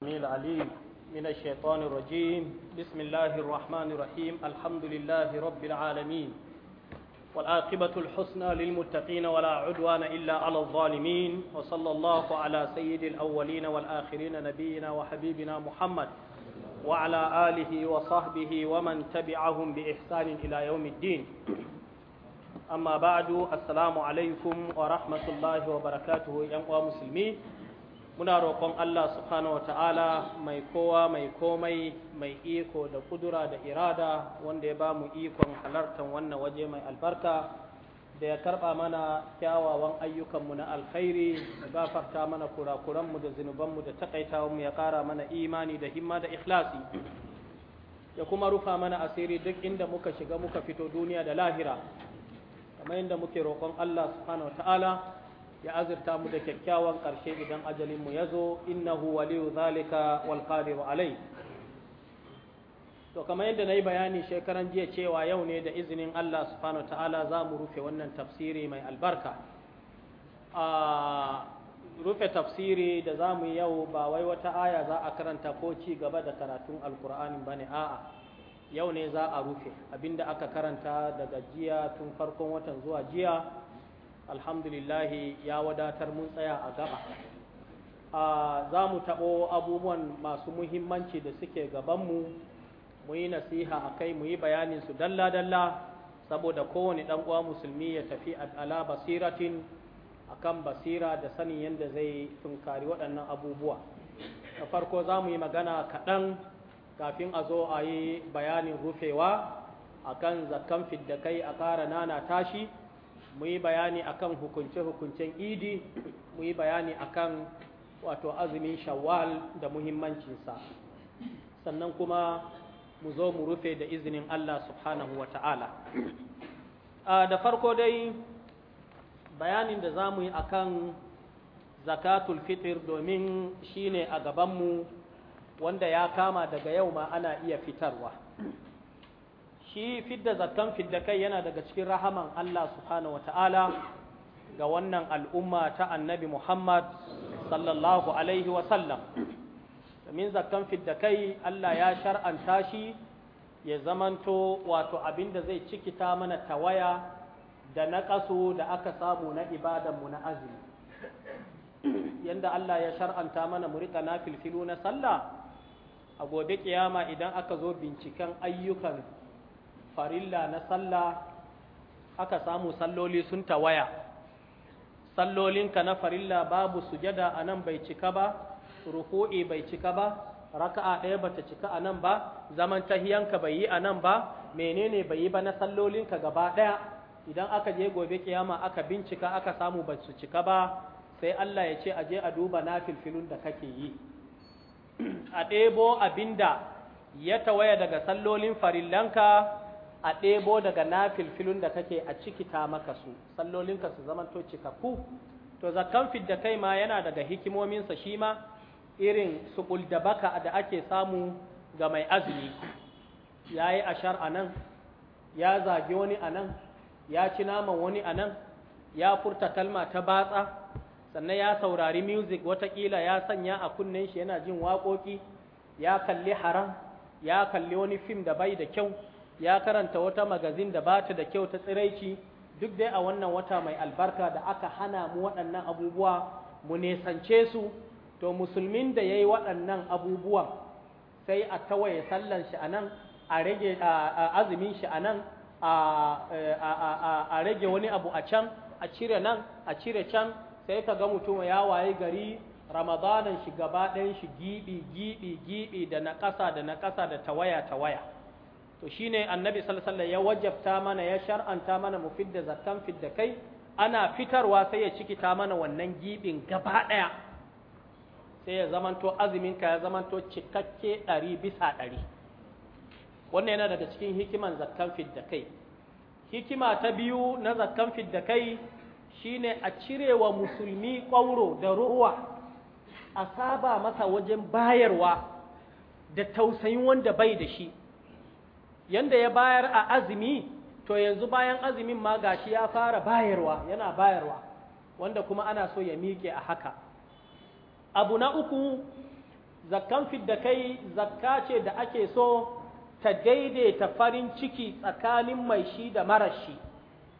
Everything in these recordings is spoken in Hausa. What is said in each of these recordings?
العليم من الشيطان الرجيم بسم الله الرحمن الرحيم الحمد لله رب العالمين والعاقبة الحسنى للمتقين ولا عدوان إلا على الظالمين وصلى الله على سيد الأولين والآخرين نبينا وحبيبنا محمد وعلى آله وصحبه ومن تبعهم بإحسان إلى يوم الدين أما بعد السلام عليكم ورحمة الله وبركاته يا مسلمين muna roƙon Allah subhanahu wata'ala mai kowa mai komai mai iko da kudura da irada wanda ya ba mu ikon halartar wannan waje mai albarka da ya karɓa mana kyawawan ayyukanmu na alkhairi da gafarta mana kurakuranmu da zunubanmu da takaitawanmu ya ƙara mana imani da himma da ikhlasi ya kuma rufa mana asiri duk inda muka shiga muka fito duniya da lahira kamar inda muke roƙon Allah subhanahu wata'ala ya azurta mu da kyakkyawan ƙarshe idan ajalin mu ya zo innahu waliyu zalika wal qadiru alai to kamar yadda na yi bayani shekaran jiya cewa yau ne da izinin Allah subhanahu ta'ala za mu rufe wannan tafsiri mai albarka a rufe tafsiri da za mu yau ba wai wata aya za a karanta ko ci gaba da karatun alkur'ani ba ne a'a yau ne za a rufe abinda aka karanta daga jiya tun farkon watan zuwa jiya alhamdulillahi ya wadatar mun tsaya a gaba a za mu taɓo abubuwan masu muhimmanci da suke gabanmu mu yi nasiha a kai mu yi su dalla-dalla saboda kowane ɗan uwa musulmi ya tafi ala basiratin akan basira da sanin yadda zai tunkari waɗannan abubuwa da farko za mu yi magana kaɗan kafin a zo a yi bayanin rufewa akan zakkan fidda kai a ƙara nana tashi mu yi bayani akan hukunce-hukuncen idi mu yi bayani akan wato azumin shawwal da muhimmancinsa sannan kuma mu zo mu rufe da izinin Allah subhanahu wa ta'ala da farko dai bayanin da za mu yi a kan zakatul fitir domin shine a gabanmu wanda ya kama daga yau ma ana iya fitarwa shi fidda zakan fidda kai yana daga cikin rahaman Allah subhanahu wata'ala ga wannan al'umma ta annabi Muhammad sallallahu alaihi wasallam domin zakkan fidda kai Allah ya shar'anta shi ya zamanto wato abin da zai cikita mana tawaya da naƙasu da aka samu na ibadanmu na azumi yanda Allah ya shar'anta mana mu riƙa na filfilu na sallah a gobe kiyama idan aka zo binciken ayyukan farilla na sallah aka samu salloli sun tawaya sallolinka na farilla babu sujada a nan bai cika ba ruku'i bai cika ba raka'a ɗaya bata cika a nan ba zaman tahiyanka bai yi a nan ba menene bai yi ba na sallolinka gaba ɗaya idan aka je gobe kiyama aka bincika aka samu ba su cika ba sai Allah ya ce a je a duba na filfilun da kake yi a ɗebo abinda ya tawaya daga sallolin farillanka a ɗebo daga nafilfilun da kake a cikita maka su sallolinka su to cikakku to zakkan da kai ma yana daga hikimominsa shi ma irin su da baka da ake samu ga mai azumi ya yi ashar a nan ya zagi wani a nan ya ci naman wani a nan ya furta kalma ta batsa sannan ya saurari music watakila ya sanya a kunnen shi yana jin waƙoƙi ya kalli haram ya kalli wani fim da bai da kyau ya karanta wata magazin da ba ta da kyau ta tsiraici duk dai a wannan wata mai albarka da aka hana mu waɗannan abubuwa mu nesance su to musulmin da ya yi waɗannan abubuwan sai a tawaye sallan shi a nan a rage azumin shi a nan a rage wani abu a can a cire nan a cire can sai ka ga mutum ya waye gari ramadanan shi gaba ɗayan shi gibi giɓi gibi da na ƙasa da na ƙasa da tawaya tawaya to shine annabi sallallahu alaihi ya wajabta mana ya shar'anta mana mu fidda zakkan fidda kai ana fitarwa sai ya cikita mana wannan gibin gaba daya sai ya zamanto azumin ka ya zamanto cikakke ɗari bisa ɗari wannan yana daga cikin hikiman zakkan fidda kai hikima ta biyu na zakkan fidda kai shine a cirewa musulmi ƙwauro da ruwa a saba masa wajen bayarwa da tausayin wanda bai da shi yanda ya bayar a azumi to yanzu bayan azumin ma gashi ya fara bayarwa yana bayarwa wanda kuma ana so ya miƙe a haka abu na uku zakkan fidda kai zakka ce da ake so ta daidaita farin ciki tsakanin mai shi da marashi shi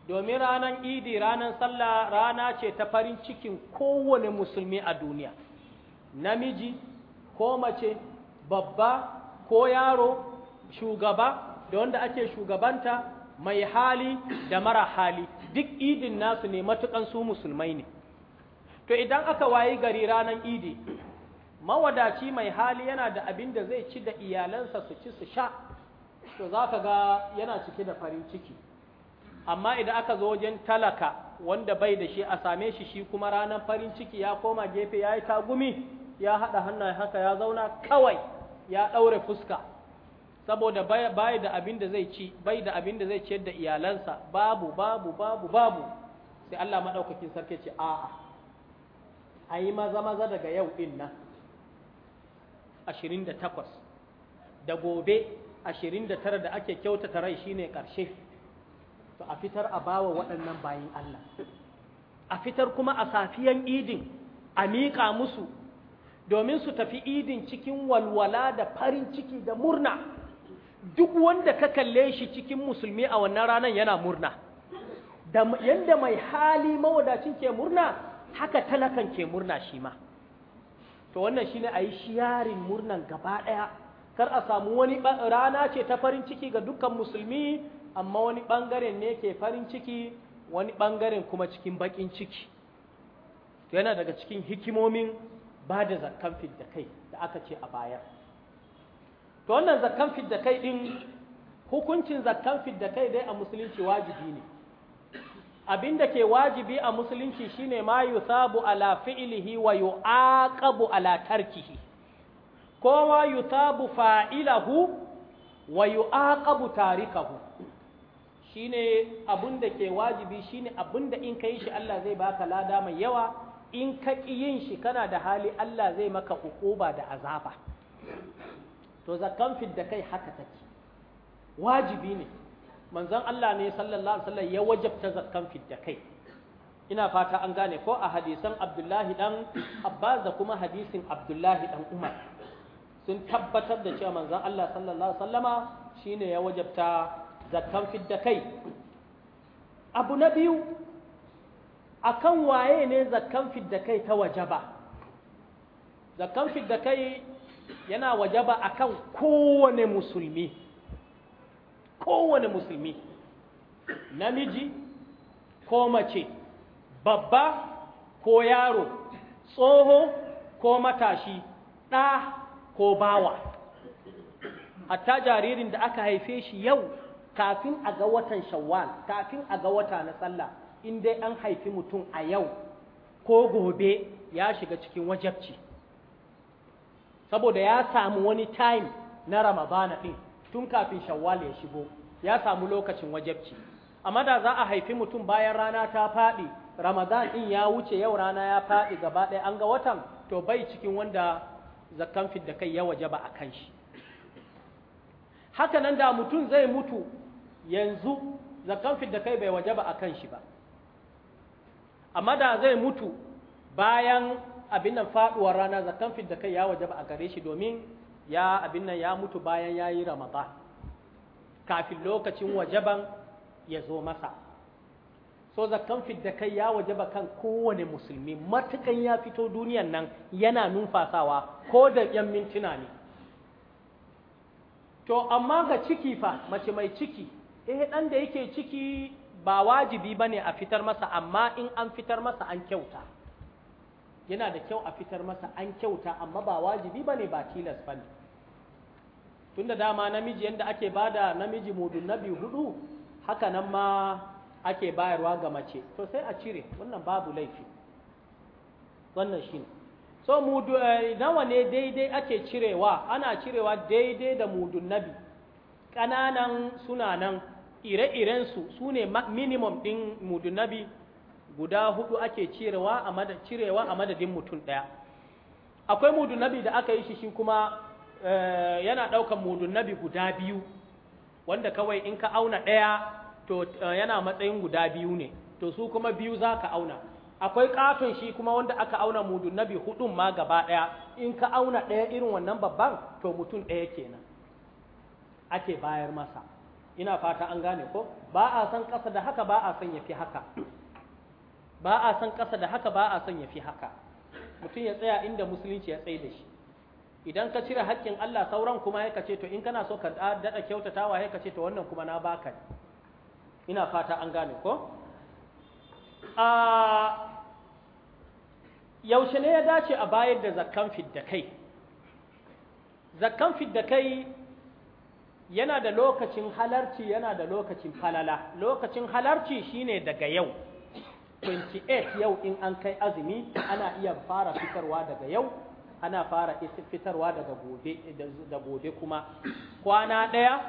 domin ranar idi ranar sallah rana ce ta farin cikin kowane musulmi a duniya namiji ko mace babba ko yaro shugaba da wanda ake shugabanta mai hali da mara hali duk idin nasu ne matukan su musulmai ne to idan aka wayi gari ranan idi mawadaci mai hali yana da abin da zai ci da iyalansa su ci su sha to za ka ga yana cike da farin ciki amma idan aka zo wajen talaka wanda bai da shi a same shi shi kuma ranan farin ciki ya koma gefe ya yi tagumi ya haɗa hannaye haka ya zauna kawai ya ɗaure fuska saboda bai da abin da zai ci bai da abin da zai ciyar da iyalansa babu babu babu babu sai Allah madaukakin sarki ce a'a ayi maza maza daga yau din nan 28 da gobe 29 da ake kyautata rai shine karshe to a fitar a bawa waɗannan bayin Allah a fitar kuma a safiyan idin a miƙa musu domin su tafi idin cikin walwala da farin ciki da murna duk wanda ka kalle shi cikin musulmi a wannan ranar yana murna da yanda mai hali mawadacin ke murna haka talakan ke murna shi ma to wannan shine a yi shiyarin murnan gaba ɗaya kar a samu wani rana ce ta farin ciki ga dukkan musulmi amma wani ɓangaren ne ke farin ciki wani ɓangaren kuma cikin baƙin ciki to yana daga cikin hikimomin ba da zakkan da kai da aka ce a bayar to wannan zakkan fidda kai din hukuncin zakkan fidda kai dai a musulunci wajibi ne abinda ke wajibi a musulunci shine ma yusabu ala fi'lihi wa yu'aqabu ala tarkihi kowa yusabu fa'ilahu wa yu'aqabu tarikahu shine abinda ke wajibi shine abinda in kai shi Allah zai baka lada mai yawa in ka ƙi yin shi kana da hali Allah zai maka hukuba da azaba to zakan fidda kai haka take wajibi ne manzon Allah ne sallallahu alaihi wasallam ya wajabta zakan fidda kai ina fata an gane ko a hadisan Abdullahi dan Abbas da kuma hadisin Abdullahi dan Umar sun tabbatar da cewa manzon Allah sallallahu alaihi wasallama shine ya wajabta zakkan fidda kai abu na biyu akan waye ne zakkan fidda kai ta wajaba zakkan fidda kai yana wajaba akan kowane musulmi kowane musulmi namiji ko mace babba ko yaro tsoho ko matashi ɗa ko bawa hatta jaririn da aka haife shi yau kafin a ga watan shawwal kafin a ga wata na sallah in dai an haifi mutum a yau ko gobe ya shiga cikin wajabci saboda ya samu wani time na ramadana ɗin tun kafin shawwal ya shigo ya samu lokacin wajabci amma da za a haifi mutum bayan rana ta faɗi ramadan ɗin ya wuce yau rana ya faɗi gaba ɗaya an ga watan to bai cikin wanda zakkan da kai ya wajaba a kan shi haka nan da mutum zai mutu yanzu zakkan da kai bai wajaba a kan shi ba amma da zai mutu bayan abin nan faduwar rana zakan fidda kai ya wajaba a gare shi domin ya abin nan ya mutu bayan ya yi ramadan kafin lokacin wajaban ya zo masa so zakan fidda kai ya wajaba kan kowane musulmi matukan ya fito duniyan nan yana numfasawa ko da yan mintuna ne to amma ga ciki fa mace mai ciki eh dan da yake ciki ba wajibi bane a fitar masa amma in an fitar masa an kyauta yana da kyau a fitar masa an kyauta amma ba wajibi bane ba tilas bane tunda dama namiji yanda ake bada namiji mudun nabi hudu haka nan ma ake bayarwa ga mace to sai a cire wannan babu laifi wannan shine so mudu eh, nawa ne daidai ake cirewa ana cirewa daidai da mudun nabi ƙananan suna nan ire iren su sune minimum ɗin mudun nabi guda hudu ake cirewa a madadin cirewa a madadin mutum daya akwai mudun nabi da aka yi shi shi kuma eh, yana daukan mudun nabi guda biyu wanda kawai in ka auna daya to eh, yana matsayin guda biyu ne to su kuma biyu za ka auna akwai katon shi kuma wanda aka auna mudun nabi hudun ma gaba ɗaya, in ka auna ɗaya irin wannan babban to mutum ɗaya kenan ake bayar masa ina fata an gane ko ba a san ƙasa da haka ba a san fi haka ba a san ƙasa da haka ba a son ya fi haka mutum ya tsaya inda musulunci ya tsaye da shi idan ka cire haƙƙin Allah sauran kuma ya kace to in kana so ka daɗa kyautatawa ya kace to wannan kuma na baka ne. ina fata an gane ko a yaushe ne ya dace a bayar da zakkan fidda kai zakkan fidda kai yana da lokacin halarci yana da lokacin falala lokacin halarci shine daga yau 28 yau in an kai azumi ana iya fara fitarwa daga yau ana fara fitarwa daga gobe da gobe kuma kwana ɗaya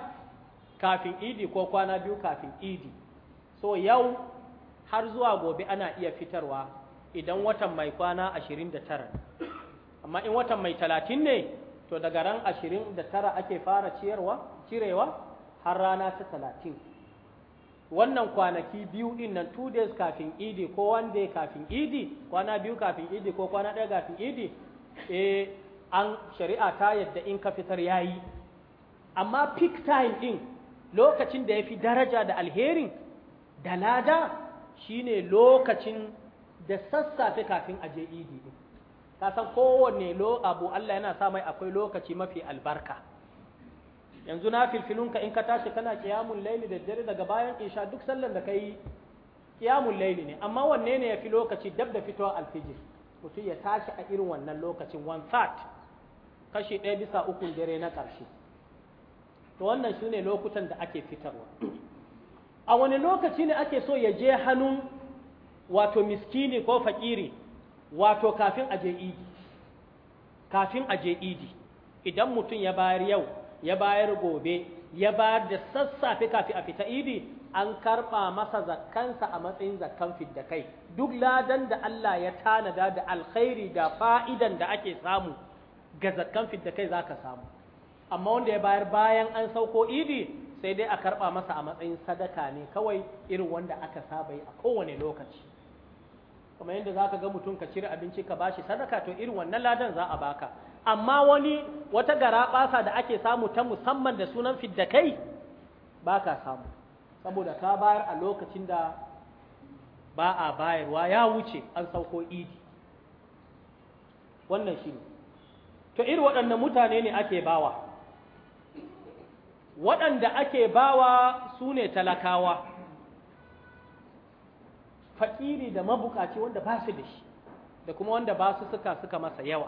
kafin idi ko kwana biyu kafin idi so yau har zuwa gobe ana iya fitarwa idan watan mai kwana 29 amma in watan mai 30 ne to daga ran 29 ake fara ciyarwa cirewa har rana ta 30 wannan kwanaki biyu din nan two days kafin idi ko one day kafin idi kwana biyu kafin idi ko kwana ɗaya kafin idi eh an shari'a ta yadda in ka fitar yayi amma peak time din lokacin da ya fi daraja da alherin da lada shine lokacin da sassafe kafin a je idi ka san kowanne lo abu Allah yana sa mai akwai lokaci mafi albarka yanzu na filfilunka in ka tashi kana kiyamun laili da dare daga bayan isha duk sallan da ka yi kiyamun laili ne amma wanne ne ya fi lokaci dab da fitowa alfijir mutum ya tashi a irin wannan lokacin one third kashi ɗaya bisa uku dare na ƙarshe to wannan su ne lokutan da ake fitarwa a wani lokaci ne ake so ya je hannu wato miskini ko fakiri wato kafin je idi kafin je idi idan mutum ya bayar yau ya bayar gobe ya bayar da sassafe kafin a fita idi an karɓa masa zakkansa a matsayin zakkan fidda kai duk ladan da Allah ya tanada da alkhairi da fa'idan da ake samu ga zakkan fidda kai za ka samu amma wanda ya bayar bayan an sauko idi sai dai a karɓa masa a matsayin sadaka ne kawai irin wanda aka saba yi a kowane lokaci kuma yadda za ka ga mutum ka cire abinci ka ba shi sadaka to irin wannan ladan za a baka amma wani wata garaɓasa da ake samu ta musamman da sunan fiddakai kai ba ka samu saboda ka bayar a lokacin da ba a bayarwa ya wuce an sauko idi wannan shi ne to iri waɗannan mutane ne ake bawa waɗanda ake bawa su ne talakawa Faɗiri da mabukaci wanda ba su da shi da kuma wanda ba su suka suka masa yawa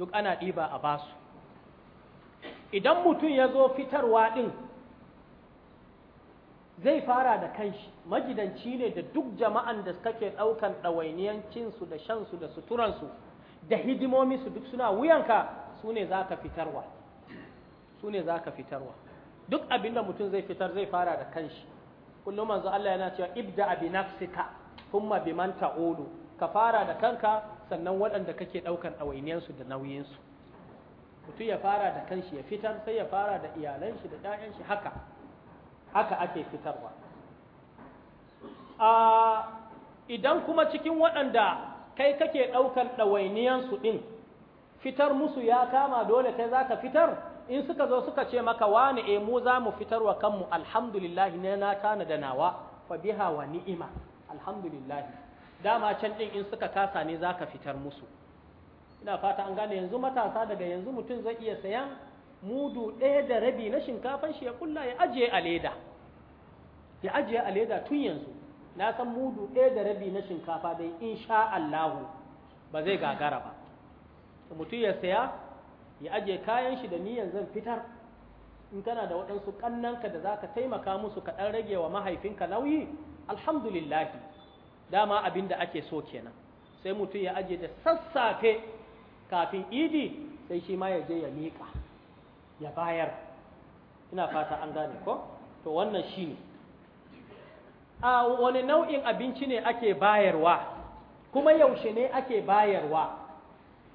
duk ana ɗiba a basu idan mutum ya zo fitarwa ɗin zai fara da kanshi majidanci ne da duk jama'an da kake ɗaukan ɗawainiyancinsu da shansu da suturansu da hidimominsu duk suna wuyanka su ne za ka fitarwa su ne za ka fitarwa duk abin da mutum zai fitar zai fara da kanshi kullum manzo Allah yana cewa ibda bi nafsika thumma bi man ta'ulu ka fara da kanka sannan waɗanda kake ɗaukan ɗawainiyarsu da nauyinsu mutum ya fara da kanshi ya fitar sai ya fara da iyalanshi da ɗayan haka haka ake fitarwa a ah, idan kuma cikin waɗanda kai kake ɗaukan ɗawainiyansu ɗin fitar musu ya kama dole kai zaka fitar in suka zo suka ce maka wani e eh, mu za mu fitar wa kanmu alhamdulillahi ne na tana da nawa fa biha wa ni'ima Alhamdulillahi. dama can ɗin in suka kasa ne za ka fitar musu ina fata an gane yanzu matasa daga yanzu mutum zai iya sayan mudu ɗaya da rabi na shinkafan shi ya kulla ya ajiye a leda ya ajiye a leda tun yanzu na san mudu ɗaya da rabi na shinkafa dai sha Allahu ba zai gagara ba mutum ya saya ya ajiye kayan shi da niyan zan fitar in kana da waɗansu ƙannanka da za ka taimaka musu ka ɗan rage wa mahaifinka nauyi alhamdulillahi dama abin da ake so kenan sai mutum ya aje da sassafe kafin idi sai shi ma ya je ya miƙa ya bayar ina fata an gane ko to wannan shi ne a wani nau'in abinci ne ake bayarwa kuma yaushe ne ake bayarwa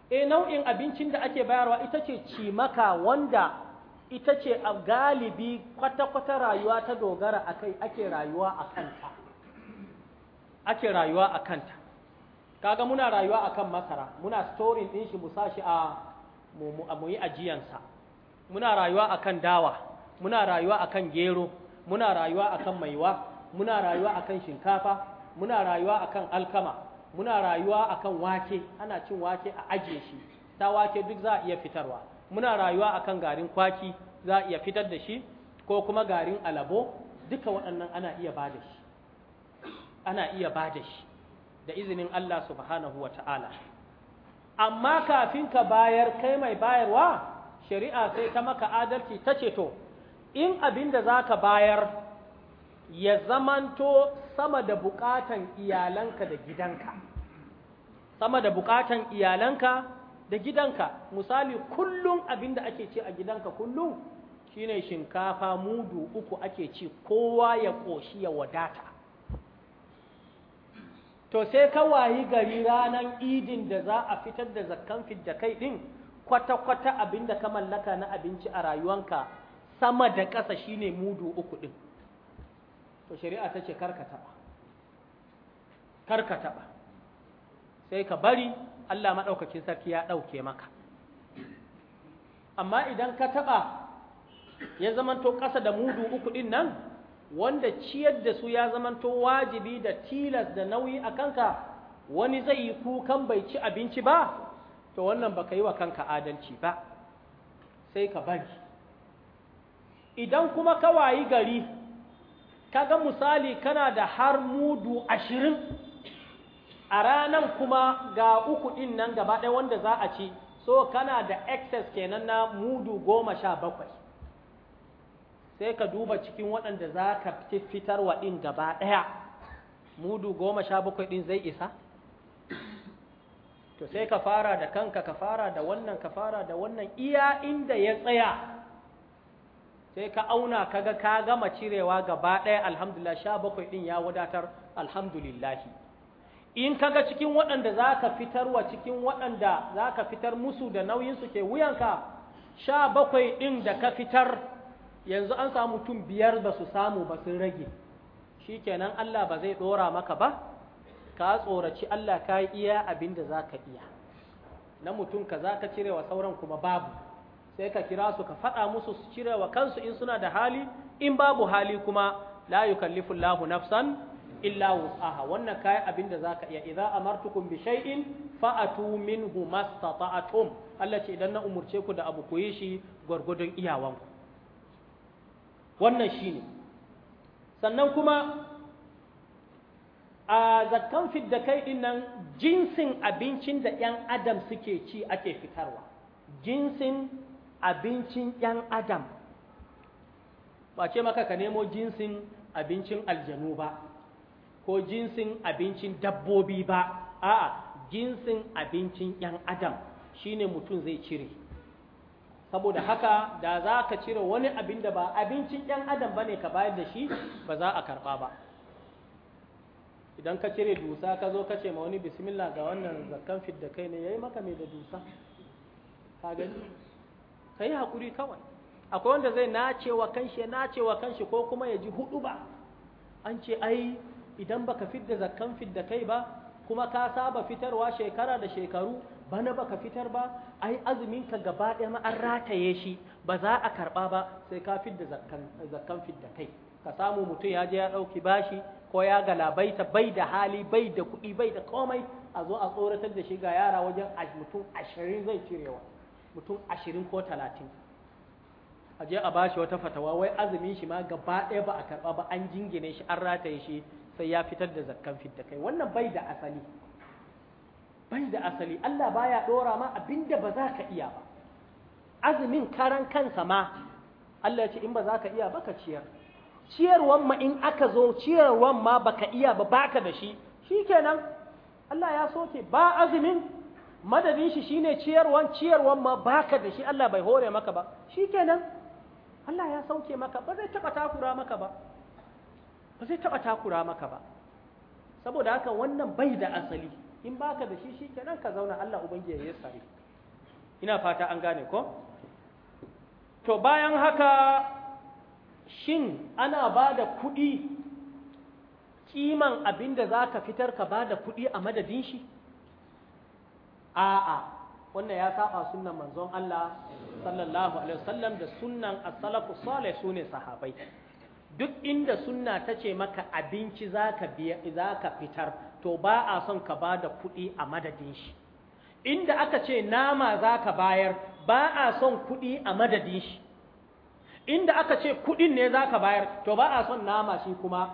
e nau'in abincin da ake bayarwa ita ce cimaka wanda ita ce a galibi kwata-kwata rayuwa ta dogara akai ake rayuwa a kanta ake rayuwa a kanta kaga muna rayuwa a kan masara muna storin din shi mu shi a mu yi ajiyansa muna rayuwa a kan dawa muna rayuwa a kan gero muna rayuwa a kan maiwa muna rayuwa a kan shinkafa muna rayuwa a kan alkama muna rayuwa a kan wake ana cin wake a ajiye shi ta wake duk za a iya fitarwa muna rayuwa a kan garin kwaki za a iya fitar da shi ko kuma garin alabo duka waɗannan ana iya ba da shi ana iya ba da shi da izinin Allah subhanahu wa ta'ala amma kafin ka bayar kai mai bayarwa shari'a sai ta maka adalci ta ce to in abin da za ka bayar ya zamanto sama da buƙatan iyalanka da gidanka sama da buƙatan iyalanka da gidanka misali kullum abin da ake ci a gidanka kullum shine shinkafa mudu uku ake ci kowa ya ƙoshi ya wadata to sai ka wayi gari ranar idin da za a fitar da zakkan fidda kai din kwata-kwata abin da ka mallaka na abinci a rayuwanka sama da ƙasa shine mudu uku din to shari'a ta ce karka taɓa karka taɓa sai ka bari Allah maɗaukakin sarki ya ɗauke maka amma idan ka taɓa ya zamanto ƙasa da mudu uku ɗin nan wanda ciyar da su ya zamanto wajibi da tilas da nauyi a kanka wani zai yi kukan bai ci abinci ba to wannan ba ka yi wa kanka adalci ba sai ka bari idan kuma ka wayi gari kaga misali kana da har mudu ashirin a ranan kuma ga uku ɗin nan gaba ɗaya wanda za a ci so kana da excess kenan na mudu goma sha bakwai sai ka duba cikin waɗanda za ka fitarwa ɗin gaba ɗaya mudu goma sha bakwai ɗin zai isa to sai ka fara da kanka ka fara da wannan ka fara da wannan iya inda ya tsaya sai ka auna kaga ka gama cirewa gaba ɗaya alhamdulillah sha bakwai ɗin ya wadatar alhamdulillah. in kaga cikin waɗanda za ka fitarwa cikin waɗanda za ka fitar musu da nauyinsu ke wuyanka sha bakwai ɗin da ka fitar yanzu an samu mutum biyar ba su samu ba sun rage shi kenan Allah ba zai ɗora maka ba ka tsoraci Allah ka yi iya abin da za ka iya na mutum ka za ka cirewa sauran kuma babu sai ka kira su ka faɗa musu su cire wa kansu in suna da hali in babu hali kuma la yukallifu Allah nafsan illa wus'aha wannan kai abin da zaka iya idza amartukum bi shay'in fa'atu minhu mastata'tum Allah ce idan na umurce ku da abu ku yi shi gurgudun iyawanku wannan shi ne, sannan kuma a zakkan da kai din nan jinsin abincin da 'yan adam suke ci ake fitarwa jinsin abincin 'yan adam ba ce maka ka nemo jinsin abincin aljanu ba ko jinsin abincin dabbobi ba a'a jinsin abincin 'yan adam shi ne mutum zai cire saboda haka da za ka cire wani abin da ba abincin ɗan adam ba ne ka bayar da shi ba za a karɓa ba idan ka cire dusa ka zo ka ce ma wani bismillah ga wannan zakkan fit da kai ne ya yi maka mai da dusa ka gani ka yi haƙuri kawai akwai wanda zai nace wa kanshi ya nace wa kanshi ko kuma ya ji hudu ba an ce ai idan baka fit da zakkan fit da kai ba kuma ka saba fitarwa shekara da shekaru bana baka fitar ba ai azumin ka gaba ɗaya ma an rataye shi ba za a karɓa ba sai ka fidda zakkan fidda kai ka samu mutum ya je ya ɗauki bashi ko ya galabaita bai da hali bai da kuɗi bai da komai a zo a tsoratar da shi ga yara wajen mutum ashirin zai cirewa mutum ashirin ko talatin a je a bashi wata fatawa wai azumin shi ma gaba ɗaya ba a karɓa ba an jingine shi an rataye shi sai ya fitar da zakkan fidda kai wannan bai da asali bai da asali Allah baya dora ma abinda ba za ka iya ba azumin karan kansa ma Allah ya ce in ba za ka iya ba ka ciyar ciyarwan ma in aka zo ciyarwan ma baka iya ba baka da shi shikenan Allah ya soke ba azumin madadin shi shine ciyarwan ciyarwan ma baka da shi Allah bai hore maka ba shikenan Allah ya sauke maka ba zai taba takura maka ba ba zai taba takura maka ba saboda haka wannan bai da asali in ba ka da shi shikenan ka zauna Allah ubangiji ya sare ina fata an gane ko to bayan haka shin ana ba da kuɗi kiman abin da za ka fitar ka ba da kuɗi a madadin shi a'a wannan ya saba sunan manzon Allah sallallahu alaihi wasallam da sunan as-salafu salih sune sahabbai duk inda sunna ta ce maka abinci zaka biya zaka fitar to ba a son ka ba da kuɗi a madadin shi inda aka ce nama za ka bayar ba a son kuɗi a madadin shi inda aka ce kuɗin ne za ka bayar to ba a son nama shi kuma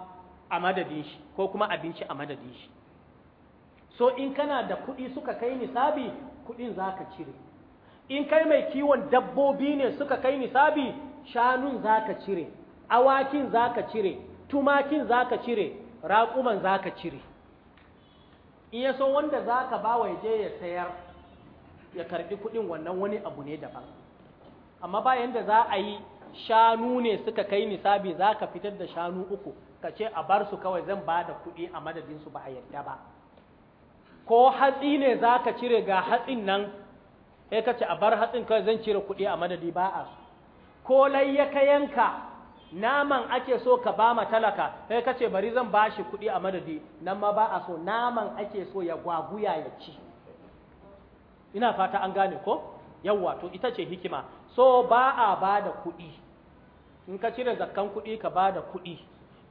a madadin shi ko kuma abinci a madadin shi so in kana da kuɗi suka kai nisabi kuɗin za ka cire in kai mai kiwon dabbobi ne suka kai nisabi shanun za ka cire awakin za ka cire tumakin za ka cire raƙuman za ka cire in ya so wanda za ka ba wa je ya sayar ya karɓi kuɗin wannan wani abu ne daban amma bayan da za a yi shanu ne suka kai nisabi za ka fitar da shanu uku ka ce a bar su kawai zan ba da kuɗi a madadinsu ba a yadda ba ko hatsi ne za ka cire ga hatsin nan sai ka ce a bar hatsin kawai zan cire kuɗi a madadi ba a su ko lai ya ka yanka naman ake so ka ba ma talaka sai ka ce bari zan ba shi kuɗi a madadi nan ma ba a so naman ake so ya gwaguya ya ci ina fata an gane ko yawwa to ita ce hikima so ba a ba da kuɗi in ka cire zakkan kuɗi ka ba da kuɗi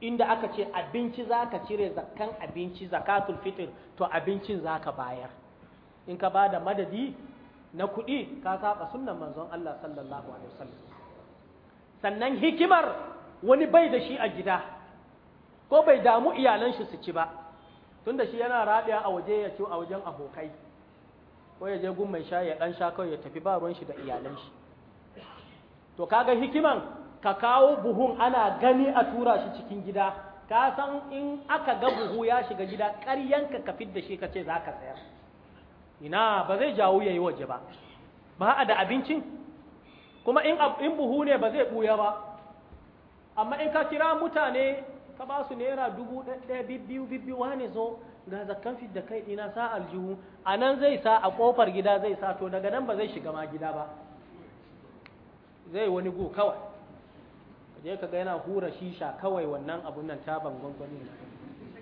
inda aka ce abinci za ka cire zakkan abinci zakatul fitr to abincin za ka bayar in ka ba da madadi na kuɗi ka saba sunnan manzon Allah sallallahu alaihi wasallam sannan hikimar wani bai da shi a gida ko bai damu iyalan shi su ci ba Tun da shi yana raɗiya a waje ya ci a wajen abokai ko ya je gun mai sha ya ɗan sha kawai ya tafi ba ruwan shi da iyalan shi to kaga hikiman ka kawo buhun ana gani a tura shi cikin gida ka san in aka ga buhu ya shiga gida ƙaryanka ka fidda da shi ka ce za ka sayar ina ba zai jawo ya yi waje ba ba a da abincin kuma in buhu ne ba zai buya ba amma in ka kira mutane ka ba su naira dubu ɗaya bibbiyu bibbiyu wani zo ga zakan fi da kai ina sa aljihu a nan zai sa a ƙofar gida zai sa to daga nan ba zai shiga ma gida ba zai wani go kawai je ka ga yana hura shisha kawai wannan abun nan taban gwangwani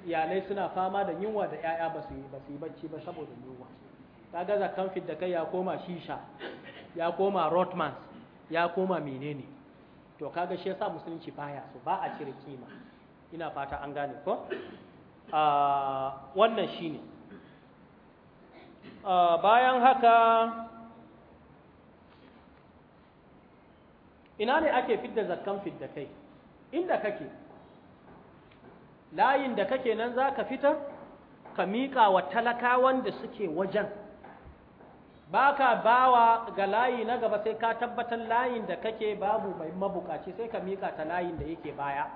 iyalai suna fama da yunwa da 'ya'ya ba su yi bacci ba saboda yunwa kaga gaza fit da kai ya koma shisha ya koma rotmans ya koma menene to kaga shi yasa musulunci baya so ba a cire kima ina fata an gane ko a ah, wannan shine ah, bayan haka ina ne ake fidda zakkan fidda kai inda kake layin da kake nan za ka fita ka miƙa wa talakawan da suke wajen ba ka bawa ga layi na gaba sai ka tabbatar layin da kake babu mai mabukaci sai ka mika ta layin da yake baya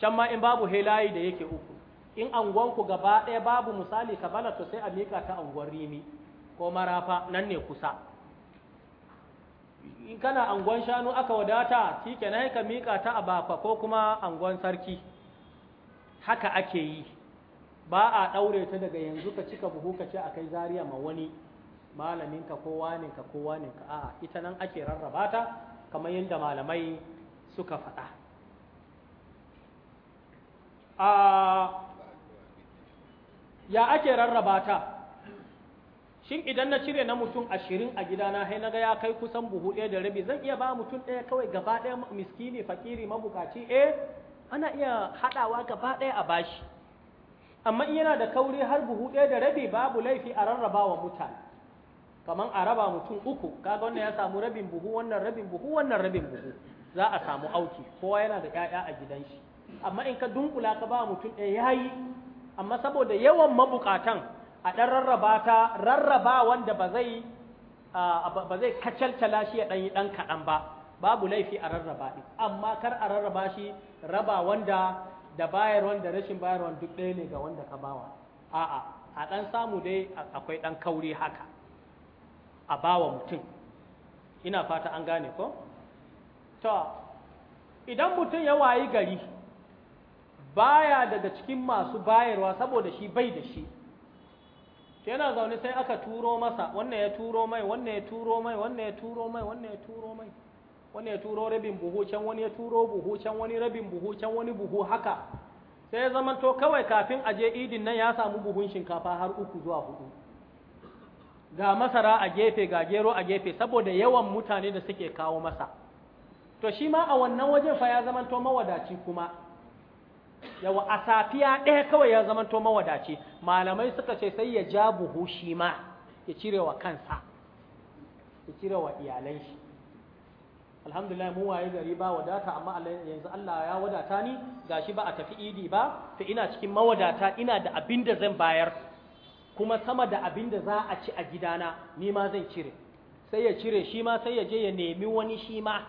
can ma in babu he layi da yake uku in anguwanku gaba ɗaya babu misali ka bala to sai a mika ta anguwar rimi ko marafa nan ne kusa in kana anguwan shanu aka wadata shi na ka mika ta a bafa ko kuma anguwan sarki haka ake yi ba a ɗaure ta daga yanzu ka cika buhu ka ce a kai zariya ma wani malaminka ko waninka ko waninka a'a ita nan ake rarraba ta kamar yadda malamai suka faɗa a ya ake rarraba ta shin idan na cire na mutum ashirin a gida na hai na ga ya kai kusan buhu ɗaya da rabi zan iya ba mutum ɗaya kawai gaba ɗaya miskini fakiri mabukaci eh ana iya haɗawa gaba ɗaya a bashi amma yana da kauri har buhu ɗaya da rabi babu laifi a rarrabawa wa mutane kamar a raba mutum uku kaga wannan ya samu rabin buhu wannan rabin buhu wannan rabin buhu za a samu auki kowa yana da ƴaƴa a gidan shi amma in ka dunkula ka ba mutum ɗaya yayi amma saboda yawan mabukatan a ɗan rarraba ta rarraba wanda ba zai ba zai kacalcala shi ya ɗan yi ɗan kaɗan ba babu laifi a rarraba ɗin amma kar a rarraba shi raba wanda da bayarwan da rashin bayarwan duk ɗaya ne ga wanda ka bawa a'a a ɗan samu dai akwai ɗan kauri haka a bawa mutum ina fata an gane ko to idan mutum ya wayi gari baya daga cikin masu bayarwa saboda shi bai da shi yana zaune sai aka turo masa wannan ya turo mai wannan ya turo mai wannan ya turo mai wannan ya turo mai wannan ya turo rabin buhu can wani ya turo buhu can wani rabin buhu can wani buhu haka sai ya to kawai kafin aje idin nan ya samu buhun shinkafa har uku zuwa hudu ga masara a gefe ga gero a gefe saboda yawan mutane da suke kawo masa to shi ma a wannan wajen fa ya zamanto mawadaci kuma yawa a safiya ɗaya kawai ya zamanto mawadaci malamai suka ce sai ya ja buhu shi ma ya cire wa kansa ya cire wa iyalan shi alhamdulillah mu waye gari ba wadata amma yanzu Allah ya wadata ni gashi ba a tafi idi ba to ina cikin mawadata ina da abin da zan bayar kuma sama da abin da za a ci a gidana ni ma zan cire sai ya cire shi ma sai ya je ya nemi wani shi ma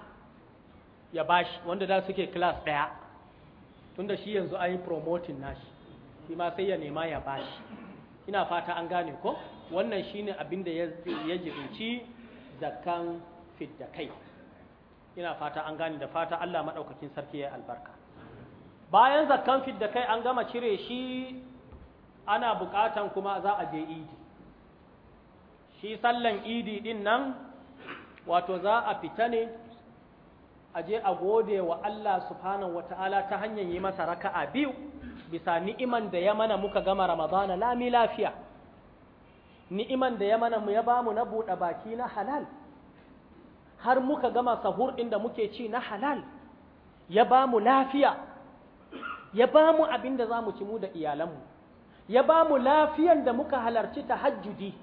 ya bashi wanda da suke class ɗaya tunda shi yanzu an yi promoting nashi shi ma sai ya nema ya bashi ina fata an gane ko wannan shine abin da ya jibinci zakan fidda kai ina fata an gane da fata Allah maɗaukakin sarki ya albarka bayan zakan fidda kai an gama cire shi ana buƙatan kuma za a je idi shi sallan idi din nan wato za a fita ne a je a gode wa Allah subhanahu wata'ala ta hanyar yi masa raka'a biyu bisa ni'iman da ya mana muka gama ramadana lami lafiya ni'iman da ya mana mu ya bamu na buɗe baki na halal har muka gama sahur ɗin da muke ci na halal ya bamu lafiya ya bamu abin da za mu ci mu da iyalanmu ya ba mu lafiyar da muka halarci tahajjudi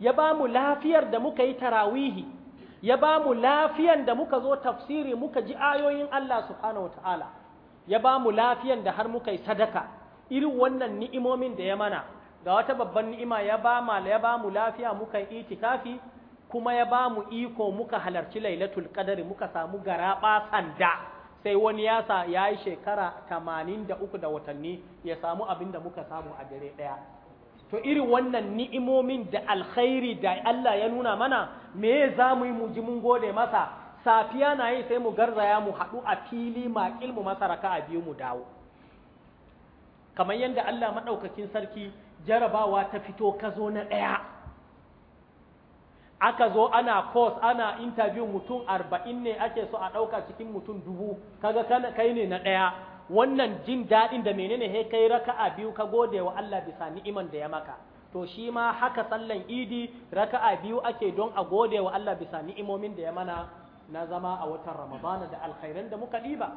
ya ba mu lafiyar da muka yi tarawihi ya ba mu lafiyar da muka zo tafsiri muka ji ayoyin Allah subhanahu wataala ya ba mu lafiyar da har muka yi sadaka irin wannan ni'imomin da ya mana ga wata babban ni'ima ya ba ma ya ba mu lafiya muka yi itikafi kuma ya ba mu iko muka halarci lailatul qadari muka samu garaba sanda sai wani ya sa ya yi shekara tamanin da uku da watanni ya samu abin da muka samu a dare ɗaya to iri wannan ni'imomin da alkhairi da Allah ya nuna mana me za mu yi mu ji mun gode masa safiya na yi sai mu garzaya mu haɗu a fili maƙil mu masa raka a biyu mu dawo kamar yadda Allah maɗaukakin sarki jarabawa ta fito ka zo na ɗaya aka zo ana course ana interview mutum arba'in ne ake so a ɗauka cikin mutum dubu kaga kai ne na ɗaya wannan jin daɗin da menene he kai raka'a biyu ka gode wa Allah bisa ni'iman da ya maka to shi ma haka sallan idi raka'a biyu ake don a gode wa Allah bisa ni'imomin da ya mana na zama a watan Ramadana da alkhairan da muka ɗiba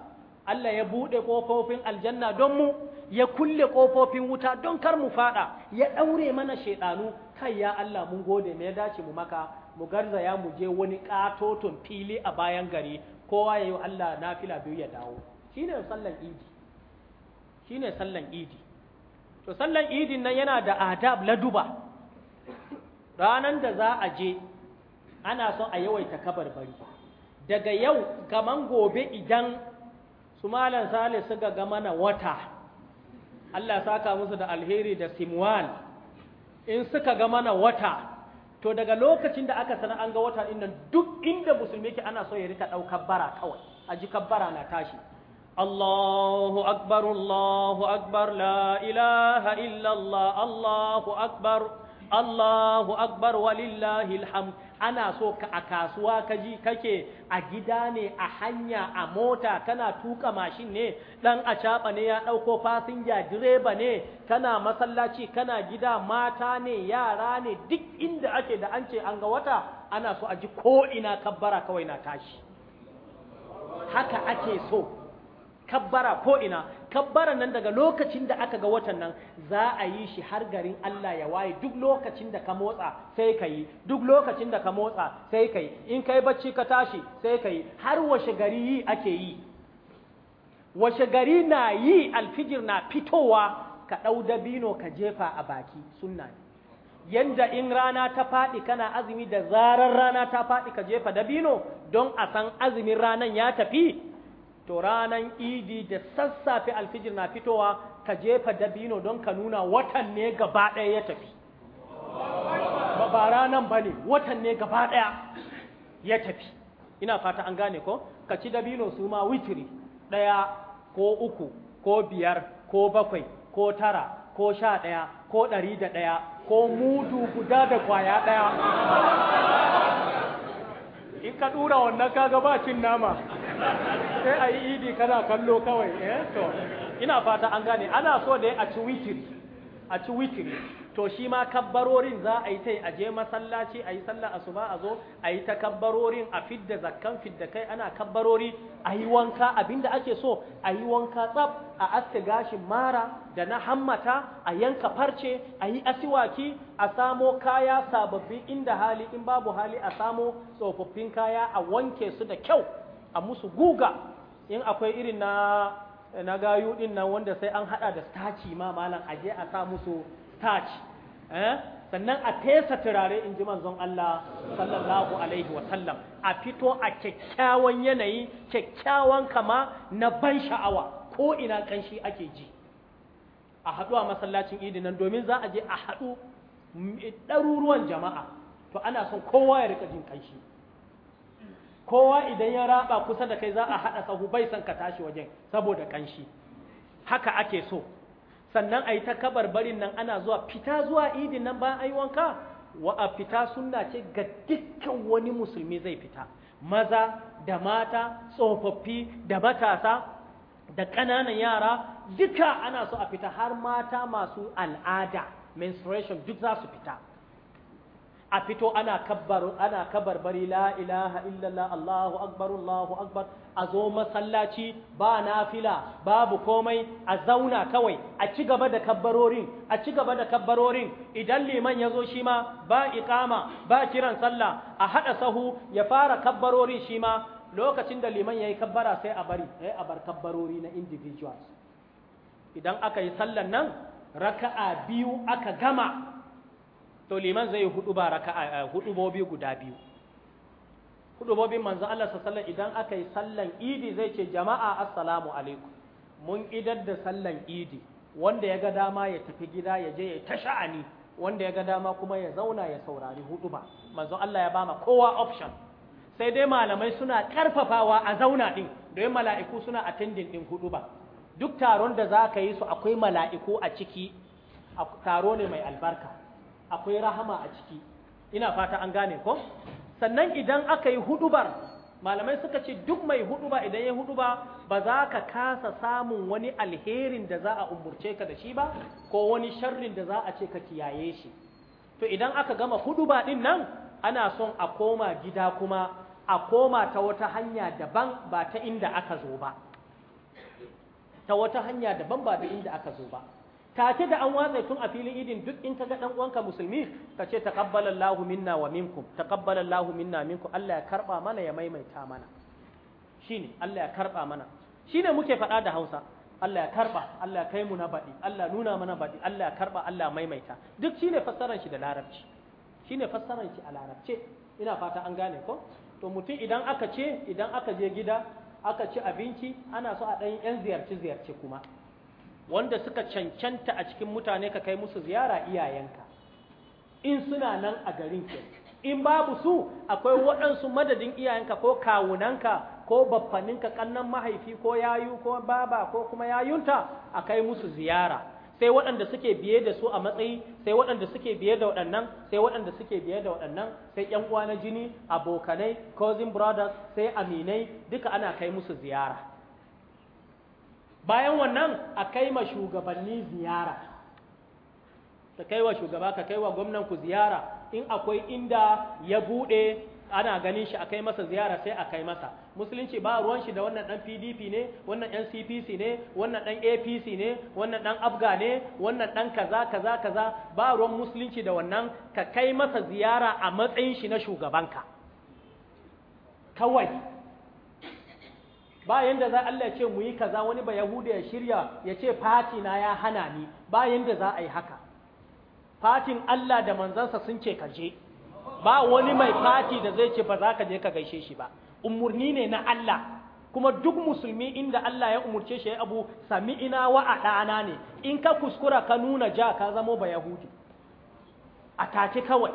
Allah ya buɗe ƙofofin aljanna don mu ya kulle ƙofofin wuta don kar mu faɗa ya ɗaure mana shaiɗanu kai ya Allah mun gode me ya dace mu maka mu garza ya muje wani ƙatoton fili a bayan gari kowa ya yi Allah na fila biyu ya dawo Shi ne sallan idi Shi ne sallan idi to sallan idin nan yana da adab laduba ranan da za a je ana son a yawaita kabarbari daga yau gaman gobe idan su malam sale suka ga mana wata Allah saka musu da alheri da simwal in suka ga mana wata to daga lokacin da aka sana an ga wata inda duk inda musulmi ke ana so ya rika ɗaukar bara kawai a ji kabbara na tashi Allahu akbar Allahu akbar la ilaha illallah Allahu akbar Allahu akbar walillahil hamd ana so ka a kasuwa kaji kake a gida ne a hanya a mota kana tuka mashin ne dan a caba ne ya dauko fasinja direba ne kana masallaci kana gida mata ne yara ne duk inda ake da an ce an ga wata ana so a ji ko ina kabbara kawai na tashi haka ake so kabbara ko ina kabbara nan daga lokacin da aka ga watan nan za a yi shi har garin Allah ya waye duk lokacin da ka motsa sai ka yi duk lokacin da ka motsa sai ka yi in kai bacci ka tashi sai ka yi har washe gari yi ake yi washe gari na yi alfijir na fitowa ka ɗau dabino ka jefa a baki sunna ne yanda in rana ta faɗi kana azumi da zarar rana ta faɗi ka jefa dabino don a san azumin ranan ya tafi to ranan idi da sassafe alfijir na fitowa ka jefa dabino don ka nuna watan ne gaba ɗaya ya tafi ba ranan ba ne watan ne gaba ɗaya ya tafi ina fata an gane ko ka ci dabino su ma witiri ɗaya ko uku ko biyar ko bakwai ko tara ko sha ɗaya ko ɗari da ɗaya ko mudu guda da kwaya ɗaya in ka ɗura wannan kaga ba cin nama sai a yi idi kana kallo kawai eh to ina fata an gane ana so da a ci witiri a ci witiri to shi ma kabbarorin za a yi tai a je masallaci a yi sallar asuba a zo a yi ta kabbarorin a fidda zakkan fidda kai ana kabbarori a yi wanka abinda ake so a yi wanka tsab a aske gashin mara da na hammata a yanka farce a yi asiwaki a samo kaya sababbi inda hali in babu hali a samo tsofaffin kaya a wanke su da kyau a musu guga in akwai irin na na gayu din nan wanda sai an hada da staci ma malam aje a sa musu starch eh sannan a fesa turare inji manzon Allah sallallahu alaihi wa sallam a fito a kyakkyawan yanayi kyakkyawan kama na ban sha'awa ko ina kanshi ake ji a haɗu a masallacin idi nan domin za a je a haɗu mm, ɗaruruwan jama'a to ana son kowa ya rika jin kanshi kowa idan ya raba kusa da kai za a haɗa sahu bai san ka tashi wajen saboda ƙanshi haka ake so sannan a yi ta barin nan ana zuwa fita zuwa idin nan bayan yi wanka wa a fita sunna ce ga dukkan wani musulmi zai fita maza da mata tsofaffi da matasa da ƙananan yara duka ana so a fita har mata masu al'ada menstruation duk za su fita a fito ana kabbar ana kabarbari la ilaha illallah Allahu akbar Allahu akbar a zo masallaci ba nafila babu komai a zauna kawai a ci gaba da kabbarorin a ci gaba da kabbarorin idan liman ya zo shi ma ba iqama ba kiran sallah a hada sahu ya fara kabbarorin shi ma lokacin da liman yayi kabbara sai a bari sai a bar kabbarori na individuals idan aka yi sallan nan raka'a biyu aka gama to liman zai hudu ba hudu bobi guda biyu bobin manzo Allah sallallahu idan aka yi sallan idi zai ce jama'a assalamu alaikum mun idar da sallan idi wanda ya ga dama ya tafi gida ya je ya ta sha'ani wanda ya ga dama kuma ya zauna ya saurari huduba manzo Allah ya bama kowa option sai dai malamai suna karfafawa a zauna din don mala'iku suna attending din huduba duk taron da za ka yi su akwai mala'iku a ciki taro ne mai albarka akwai rahama a ciki ina fata an gane ko sannan idan aka yi hudubar malamai suka ce duk mai huduba idan ya huduba ba za ka kasa samun wani alherin da za a umurce ka da shi ba ko wani sharrin da za a ce ka kiyaye shi to idan aka gama huduba din nan ana son a koma gida kuma a koma ta wata hanya daban ba ta inda aka zo ba ta wata hanya daban ba ta inda aka zo ba Tace da an watsa tun a filin idin duk in kaga dan uwanka musulmi ka ce taqabbalallahu minna wa minkum taqabbalallahu minna minkum Allah ya karba mana ya maimaita mana shine Allah ya karba mana shine muke faɗa da Hausa Allah ya karba Allah ya kai mu na baɗi Allah nuna mana baɗi Allah ya karba Allah ya maimaita duk shine fassarar shi da larabci shine fassarar shi a larabci. ina fata an gane ko to mutum idan aka ce idan aka je gida aka ci abinci ana so a ɗan yan ziyarci ziyarci kuma wanda suka cancanta a cikin mutane ka kai musu ziyara iyayenka in suna nan a garin ke in babu su akwai waɗansu madadin iyayenka ko kawunanka ko baffaninka kannan mahaifi ko yayu ko baba ko kuma yayunta a kai musu ziyara sai waɗanda suke biye da su a matsayi sai waɗanda suke biye da waɗannan sai waɗanda suke biye da waɗannan sai ƴan uwa na jini abokanai cousin brothers sai aminai duka ana kai musu ziyara bayan wannan a kai ma shugabanni ziyara ka kai wa shugaba ka kai wa gwamnan ku ziyara in akwai inda ya bude ana ganin shi a kai masa ziyara sai a kai masa musulunci ba ruwan shi da wannan dan PDP ne wannan dan CPC ne wannan dan APC ne wannan dan Afga ne wannan dan kaza kaza kaza ba ruwan musulunci da wannan ka kai masa ziyara a matsayin shi na shugabanka kawai ba yanda za Allah ya ce mu yi kaza wani ba Yahuda ya shirya ya ce fati na ya hana ni bayan da za a yi haka fatin Allah da manzansa sun ce kaje ba wani mai fati da zai ce ba za ka je ka gaishe shi ba umurni ne na Allah kuma duk musulmi inda Allah ya umurce shi ya abu sami ina wa a ɗana ne in ka kuskura ka nuna ja ka zamo ba Yahudi a tace kawai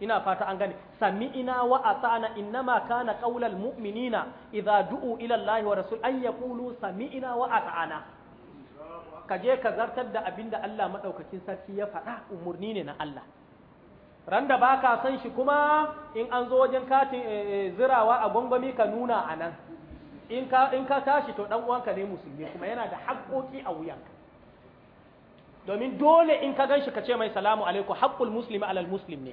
ina fata an gane sami'ina wa inna innama kana ƙaular mu'minina idza du'u ila Allah wa rasul an yaqulu sami'ina wa ata'na kaje ka zartar da abinda Allah madaukakin sarki ya faɗa umurni ne na Allah randa baka san shi kuma in an zo wajen katin eh, eh, zirawa a gwangwami ka nuna anan in ka in ka tashi to dan uwanka ne musulmi kuma yana da haƙƙoƙi a wuyanka domin dole in ka ganshi ka ce mai salamu alaikum haƙƙul muslimi alal muslim ne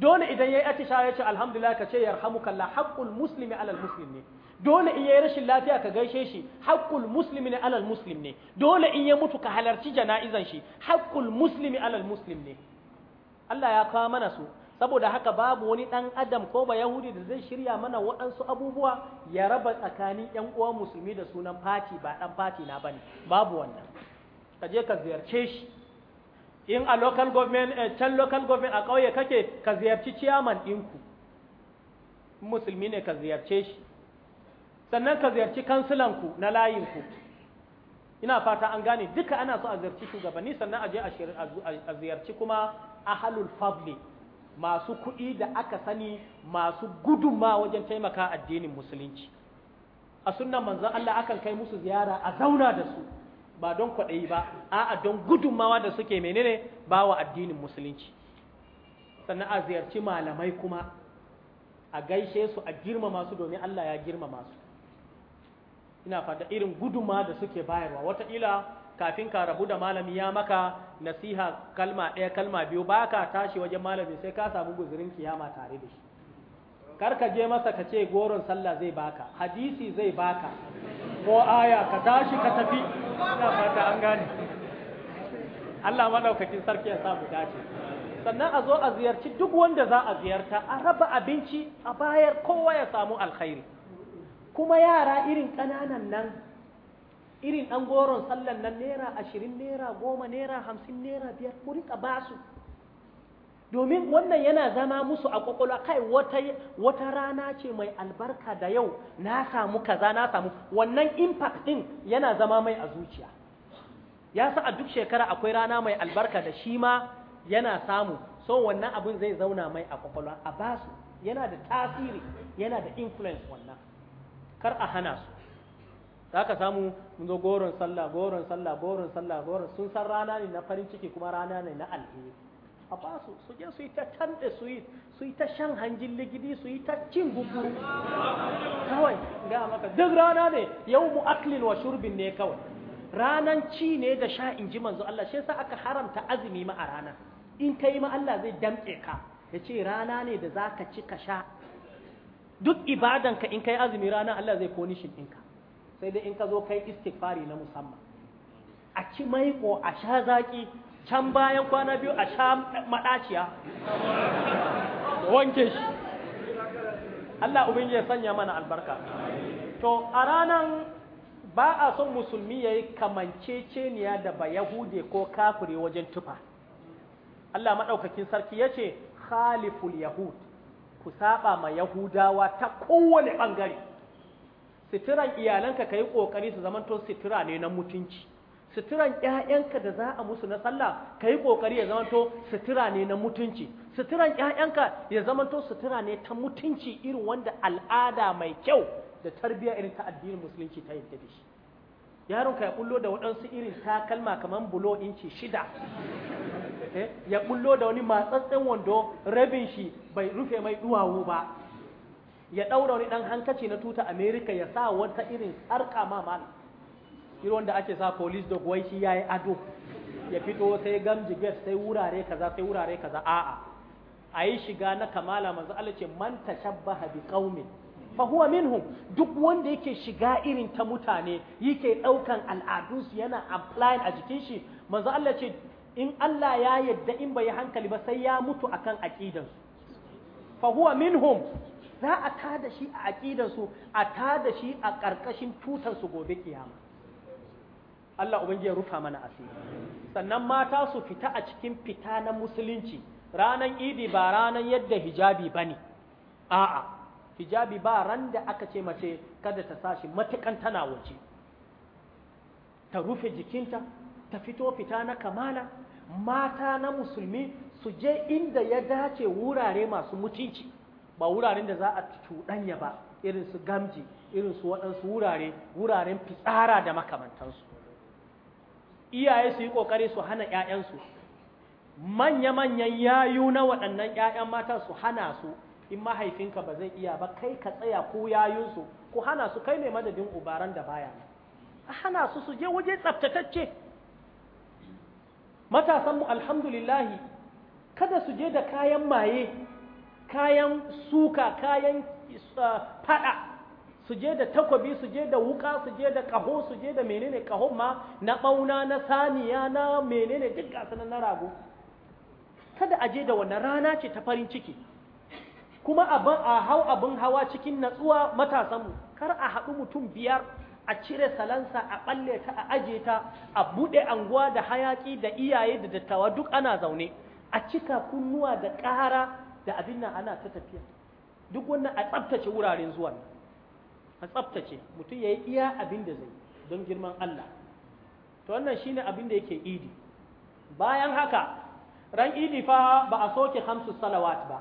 dole idan yayi atisha ya ce alhamdulillah ka ce yarhamukallah haqqul muslimi alal muslim ne dole in yayi rashin lafiya ka gaishe shi haqqul muslimi ne alal muslim ne dole in ya mutu ka halarci jana'izan shi haqqul muslimi alal muslim ne Allah ya kawo mana su saboda haka babu wani ɗan adam ko ba yahudi da zai shirya mana waɗansu abubuwa ya raba tsakanin ƴan uwa musulmi da sunan fati ba ɗan fati na ba ne babu wannan ka je ka ziyarce shi in a local government eh, can local government a ƙauye kake ka ziyarci ciyaman ɗinku musulmi ne ka ziyarce shi sannan ka ziyarci kansilanku na layinku ina fata an gane duka ana so a ziyarci shugabanni sannan a je a ziyarci kuma ahalul fadli masu kuɗi da aka sani masu gudunma wajen taimaka addinin musulunci a sunnan manzon Allah akan kai musu ziyara a zauna da su ba don kwaɗayi ba a'a don gudunmawa da suke menene ba wa addinin musulunci sannan a ziyarci malamai kuma a gaishe su a girmama su domin Allah ya girmama su ina fata irin guduma da suke bayarwa wata wataƙila kafin ka rabu da malami ya maka nasiha kalma ɗaya kalma biyu ba ka tashi wajen malami sai ka samu guzurin kiyama tare da shi kar ka je masa ka ce goron sallah zai baka hadisi zai baka ko aya ka tashi ka tafi ina fata an gane Allah madaukakin sarki ya sa mu dace sannan a zo a ziyarci duk wanda za a ziyarta a raba abinci a bayar kowa ya samu alkhairi kuma yara irin ƙananan nan irin ɗan goron sallan nan naira ashirin naira goma naira hamsin naira biyar ku rika basu domin wannan yana zama musu a kwakwalwa kai wata, rana ce mai albarka da yau na samu kaza na samu wannan impact din yana zama mai a zuciya ya sa a duk shekara akwai rana mai albarka da shi ma yana samu so wannan abin zai zauna mai a kwakwalwa a basu yana da tasiri yana da influence wannan kar a hana su za ka samu mun zo goron sallah goron sallah goron sallah goron sun san rana ne na farin ciki kuma rana ne na alheri a ba su su je su yi ta tanɗe su yi su yi ta shan hanjin ligidi su yi ta cin gugu kawai ga maka duk rana ne yau mu aklin wa shurbin ne kawai ranan ci ne da sha in ji manzo Allah shi yasa aka haramta azumi ma a rana in ka ma Allah zai damƙe ka ya ce rana ne da za ka ci ka sha duk ka in kai azumi rana Allah zai ponishin ɗinka sai dai in ka zo kai istighfari na musamman a ci maiƙo a sha zaƙi can bayan kwana biyu a sha maɗaciya wanke shi Allah ubin ya sanya mana albarka to a ranan ba a son musulmi ya yi kamanceceniya da ba yahude ko kafire wajen tufa Allah maɗaukakin sarki ya ce khaliful yahud ku saba ma yahudawa ta kowane ɓangare sitiran iyalanka ka yi ƙoƙari su zamanto sitira ne na mutunci suturan 'ya'yanka da za a musu na sallah ka yi ƙoƙari ya zamanto sutura ne na mutunci suturan 'ya'yanka ya zamanto sutura ne ta mutunci irin wanda al'ada mai kyau da tarbiyya irin ta addinin musulunci ta yadda da shi yaron ya bullo da waɗansu irin takalma kamar bulo inci shida eh, ya bullo da wani matsatsen wando rabin shi bai rufe mai duwawu ba ya ɗaura wani ɗan hankaci na tuta amerika ya sa wata irin sarƙa ma malam irin wanda ake sa polis dog wai shi ya yi ado ya fito sai gamji bet sai wurare kaza sai wurare kaza a'a yi shiga na kamala manzo Allah ce man tashabbaha bi qaumin fa huwa minhum duk wanda yake shiga irin ta mutane yake daukan al'adunsu yana applying a jikin shi manzo Allah ce in Allah ya yadda in bai hankali ba sai ya mutu akan aqidansu fa huwa minhum za a tada shi a su a tada shi a karkashin tutarsu su gobe kiyama Allah ubangiji ya rufa mana asiri sannan mata su fita a cikin fita na musulunci ranan idi ba ranan yadda hijabi ba ne. a'a hijabi ba ran da aka ce mace kada ta sashi matukan tana waje ta rufe jikinta ta fito fita na kamala mata na musulmi su je inda ya dace wurare masu mutunci ba wuraren da za a cuɗanya ba irin su gamji irin su waɗansu wurare wuraren fitsara da makamantansu iyaye su yi ƙoƙari su hana ‘ya'yansu manya-manyan yayu na waɗannan ‘ya'yan mata su hana su in mahaifinka ba zai iya ba kai ka tsaya ko yayunsu ko hana su kai mai madadin ubaran da baya ne. a hana su su je waje tsaftatacce matasanmu alhamdulillahi kada su je da kayan maye kayan suka kayan uh, fada su je da takobi su je da wuka su je da kaho su je da menene kaho ma na bauna na saniya na menene duk gasu na rago kada a je da wannan rana ce ta farin ciki kuma a hau abin hawa cikin natsuwa matasanmu kar a haɗu mutum biyar a cire salansa a ɓalle ta a aje ta a buɗe anguwa da hayaƙi da iyaye da dattawa duk ana zaune a cika kunnuwa da ƙara da abin nan ana ta tafiya duk wannan a tsabtace wuraren zuwan a tsaftace mutum ya yi iya abin da zai don girman Allah to wannan shine abin da yake idi bayan haka ran idi fa ba a soke hamsu salawat ba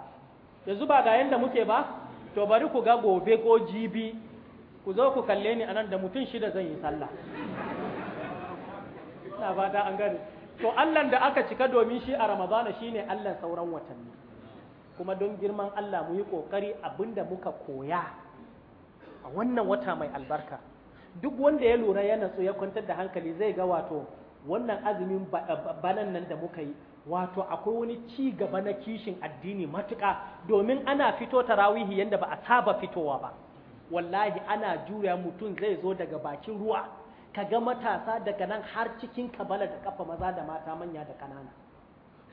yanzu zuba ga yanda muke ba to bari ku ga gobe ko jibi ku zo ku kalle ni anan da mutum shida zan yi sallah ina fata an gani to Allah da aka cika domin shi a Ramadana shine Allah sauran watanni kuma don girman Allah mu yi kokari abinda muka koya a wannan wata mai albarka duk wanda ya lura ya natsu ya kwantar da hankali zai ga wato wannan azumin eh, banan nan da muka yi wato akwai wani ci gaba na kishin addini matuƙa domin ana fito tarawihi yadda ba a saba fitowa ba wallahi ana juya mutum zai zo daga bakin ruwa ka ga matasa daga nan har cikin kabala da kafa maza da mata manya da ƙanana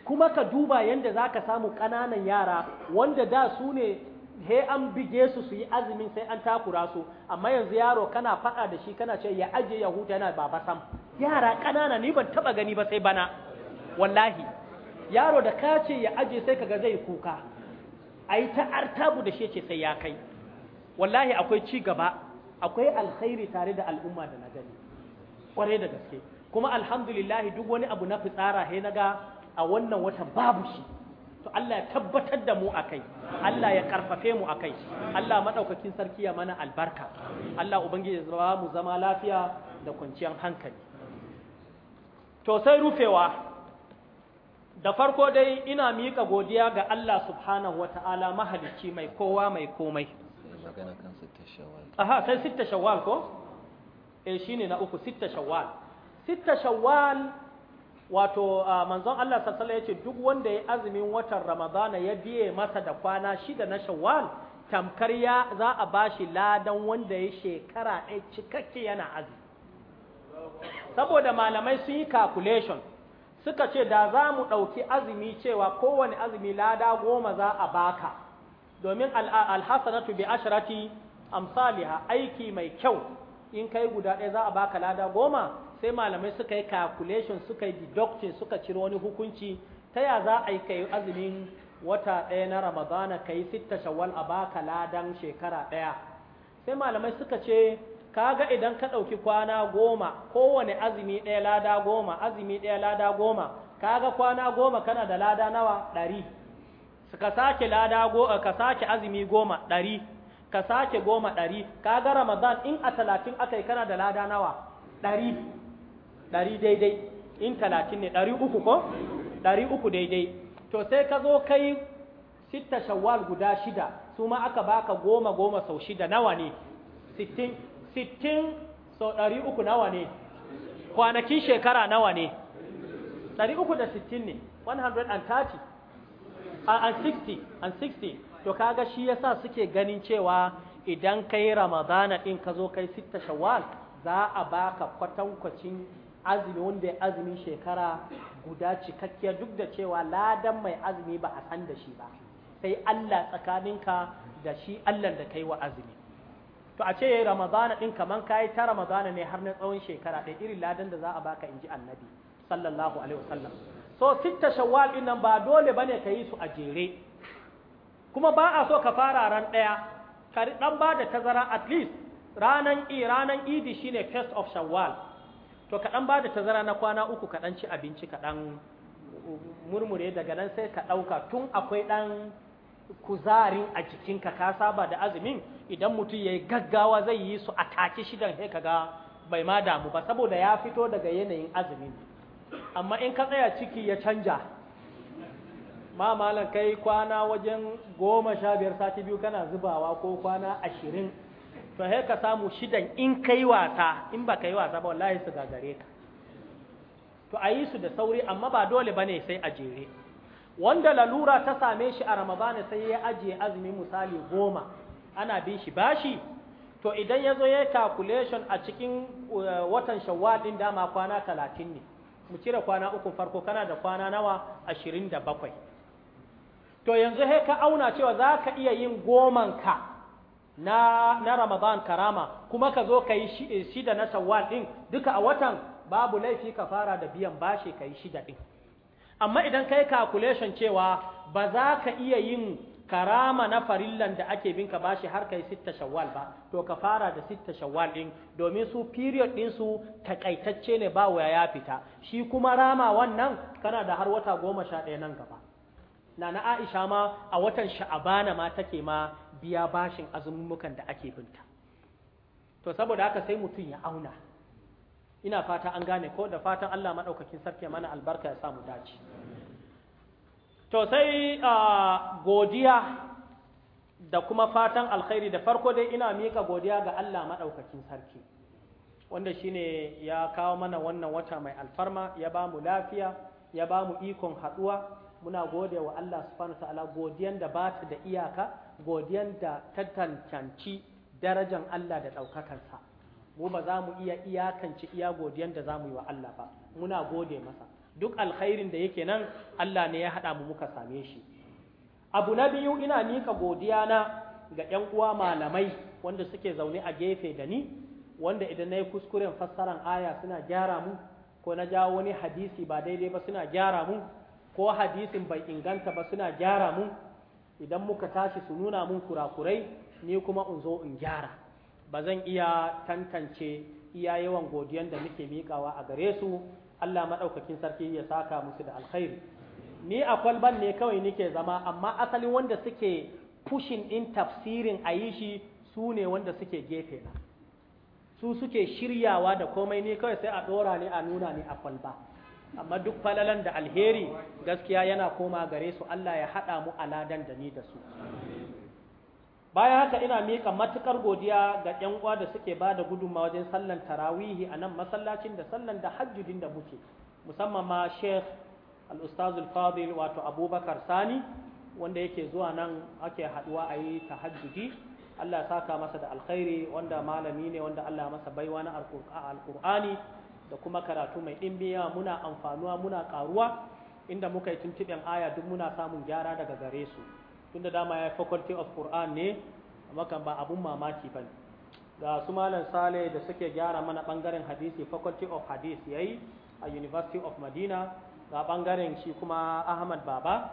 kuma ka duba yadda za ka samu ƙananan yara wanda da su ne he an bige su su yi azumin sai an takura su amma yanzu yaro kana faɗa da shi kana ce ya aje ya huta yana baba sam yara ƙanana ni ban taɓa gani ba sai bana wallahi yaro da ka ce ya aje sai kaga zai kuka a yi ta'ar tabu da shi ce sai ya kai wallahi akwai ci gaba akwai alkhairi tare da al'umma da na gani kwarai da gaske kuma alhamdulillahi duk wani abu na fitsara he ga a wannan wata babu shi to Allah ya tabbatar da mu akai Allah ya karfafe mu akai Allah madaukakin sarki ya mana albarka Allah ubangiji ya mu zama lafiya da kwanciyar hankali to sai rufewa da farko dai ina miƙa godiya ga Allah subhanahu wata'ala mahalicci mai kowa mai komai aha sai sitta shawwal ko eh shine na uku sitta shawwal sitta shawwal wato ah, manzon Allah sallallahu alaihi yace duk wanda ya azumin watan Ramadana ya biye masa da kwana shida na Shawwal tamkar ya za a bashi ladan wanda ya shekara ɗaya cikakke yana azumi saboda malamai sun yi calculation suka ce da za mu ɗauki azumi cewa kowane azumi lada goma za a baka domin alhassanatu bi asharati amsaliha aiki mai kyau in kai guda ɗaya za a baka lada goma sai malamai suka yi calculation suka yi deduction suka ciro wani hukunci ta ya za a yi kai azumin wata ɗaya na ramadana ka yi sitta shawal a baka ladan shekara ɗaya sai malamai suka ce kaga idan ka ɗauki kwana goma kowane azumi ɗaya lada goma azumi ɗaya lada goma kaga kwana goma kana da lada nawa ɗari ka sake lada go ka sake azumi goma ɗari ka sake goma ɗari kaga ramadan in a talatin aka yi kana da lada nawa ɗari ɗari daidai in talatin ne ɗari uku ko ɗari uku daidai to sai ka zo kai sita shawwal guda shida su ma aka baka goma goma sau shida nawa ne sittin sittin sau ɗari uku nawa ne kwanakin shekara nawa ne ɗari uku da sittin ne 130 a 60 and 60 to kaga shi yasa suke ganin cewa idan kai ramadana ɗin ka zo kai sita shawwal za a baka kwatankwacin azumi wanda ya azumi shekara guda cikakkiya duk da cewa ladan mai azumi ba a san da shi ba sai Allah tsakaninka da shi Allah da kai wa azumi to a ce ramadana din kaman kai ta ramadana ne har na tsawon shekara ɗaya irin ladan da za a baka inji annabi sallallahu alaihi wasallam so sitta shawwal din nan ba dole bane ka su a jere kuma ba a so ka fara ran ɗaya ka dan bada tazara at least ranan i ranan idi shine first of shawwal to kaɗan ba da tazara na kwana uku kaɗan ci abinci kaɗan murmure daga nan sai ka ɗauka tun akwai ɗan kuzarin a jikinka ka saba da azumin idan mutum ya yi gaggawa zai yi su a take shidan sai ga bai ma damu ba saboda ya fito daga yanayin azumin amma in ka tsaya ciki ya canja ma malam kai kwana wajen goma sha biyar sati biyu kana zubawa ko kwana ashirin to haika ka samu shidan in kai wasa in ba ka yi wasa ba wallahi su gagare ka to a yi su da sauri amma ba dole ba ne sai a jere wanda lalura ta same shi a ramadana sai ya ajiye azumi misali goma ana bin shi bashi to idan ya zo ya yi calculation a cikin eh, watan shawwal dama kwana talatin ne mu cire kwana uku farko kana da kwana nawa ashirin da bakwai to yanzu sai ka auna cewa za ka iya yin goman ka na na Ramadan karama kuma ka zo kai eh, shida na Shawwal ɗin duka a watan babu laifi ka fara da biyan bashi kai shida din amma idan kai calculation cewa ba za ka iya yin karama na farillan da ake bin ka bashi har ka yi sitta Shawwal ba to ka fara da sitta Shawwal din domin su period din su takaitacce ne ba waya ya fita shi kuma rama wannan kana da har wata goma sha ɗaya nan gaba na na Aisha ma a watan Sha'abana ma take ma biya bashin azumumukan da ake binta to saboda haka sai mutum ya auna ina fata an gane ko da fatan Allah maɗaukakin sarki mana albarka ya samu dace to sai godiya da kuma fatan alkhairi da farko dai ina mika godiya ga Allah maɗaukakin sarki wanda shine ya kawo mana wannan wata mai alfarma ya ba mu lafiya ya ba mu ikon haɗuwa muna gode wa Allah subhanahu ta'ala godiyan da ba ta da iyaka godiyan da ta tantanci darajan Allah da ɗaukakansa mu ba za mu iya iyakanci iya godiyan da za mu yi wa Allah ba muna gode masa duk alkhairin da yake nan Allah ne ya haɗa mu muka same shi abu na biyu ina nika godiya na ga ‘yan uwa malamai wanda suke zaune a gefe da ni wanda idan na yi kuskuren fassaran aya suna gyara mu ko na jawo wani hadisi ba daidai ba suna gyara mu ko hadisin bai inganta ba suna gyara mun? idan muka tashi su nuna mun kurakurai ni kuma in zo in gyara ba zan iya tantance iya yawan godiyan da muke miƙawa a gare su Allah maɗaukakin sarki ya saka musu da alkhairi ni a kwalban ne kawai nike zama amma asalin wanda suke pushin din tafsirin a yi shi su ne wanda suke gefe na su suke shiryawa da komai ne kawai sai a ɗora ne a nuna ni a kwalba amma duk falalan da alheri gaskiya yana koma gare su Allah ya haɗa mu aladan da ni da su bayan haka ina miƙa matuƙar godiya ga ƴan uwa da suke ba da gudunma wajen sallan tarawihi a nan masallacin da sallan da hajjudin da muke musamman ma sheikh al-ustaz al-fadil wato abubakar sani wanda yake zuwa nan ake haɗuwa a yi tahajjudi Allah ya saka masa da alkhairi wanda malami ne wanda Allah ya masa baiwa na alƙur'ani da kuma karatu mai ɗimbiya muna amfanuwa muna ƙaruwa inda muka yi tuntuɓen aya duk muna samun gyara daga gare su tunda dama ya yi faculty of Quran ne makan ba abun mamaki ba ga su malam sale da suke gyara mana ɓangaren hadisi faculty of hadith yi a university of madina ga ɓangaren shi kuma ahmad baba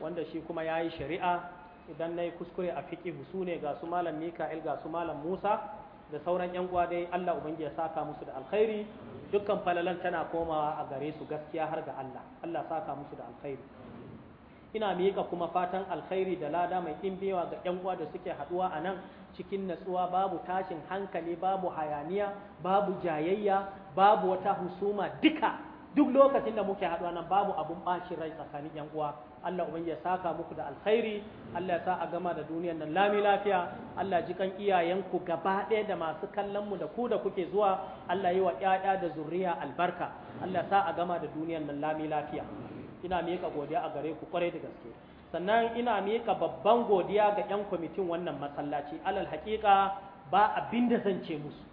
wanda shi kuma ya yi shari'a idan na yi kuskure a fiƙi su ne ga su malam mika'il ga su malam musa da sauran yan uwa dai Allah ubangiya ya saka musu da alkhairi dukkan falalan tana komawa a gare su gaskiya har ga Allah Allah saka musu da alkhairi ina miƙa kuma fatan alkhairi da lada mai ɗimbewa ga ƴan uwa da suke haɗuwa a nan cikin natsuwa babu tashin hankali babu hayaniya babu jayayya babu wata husuma duka duk lokacin da muke haɗuwa nan babu abun ɓacin rai tsakanin ƴan uwa Allah ubangi ya saka muku da alkhairi Allah ya sa a gama da duniyar nan lami lafiya Allah jikan iyayenku gaba ɗaya da masu kallon mu da ku da kuke zuwa Allah yi wa ƴaƴa da zuriya albarka Allah ya sa a gama da duniyar nan lami lafiya ina miƙa godiya a gare ku kwarai da gaske sannan ina miƙa babban godiya ga 'yan kwamitin wannan masallaci alal haƙiƙa ba abin da zan ce musu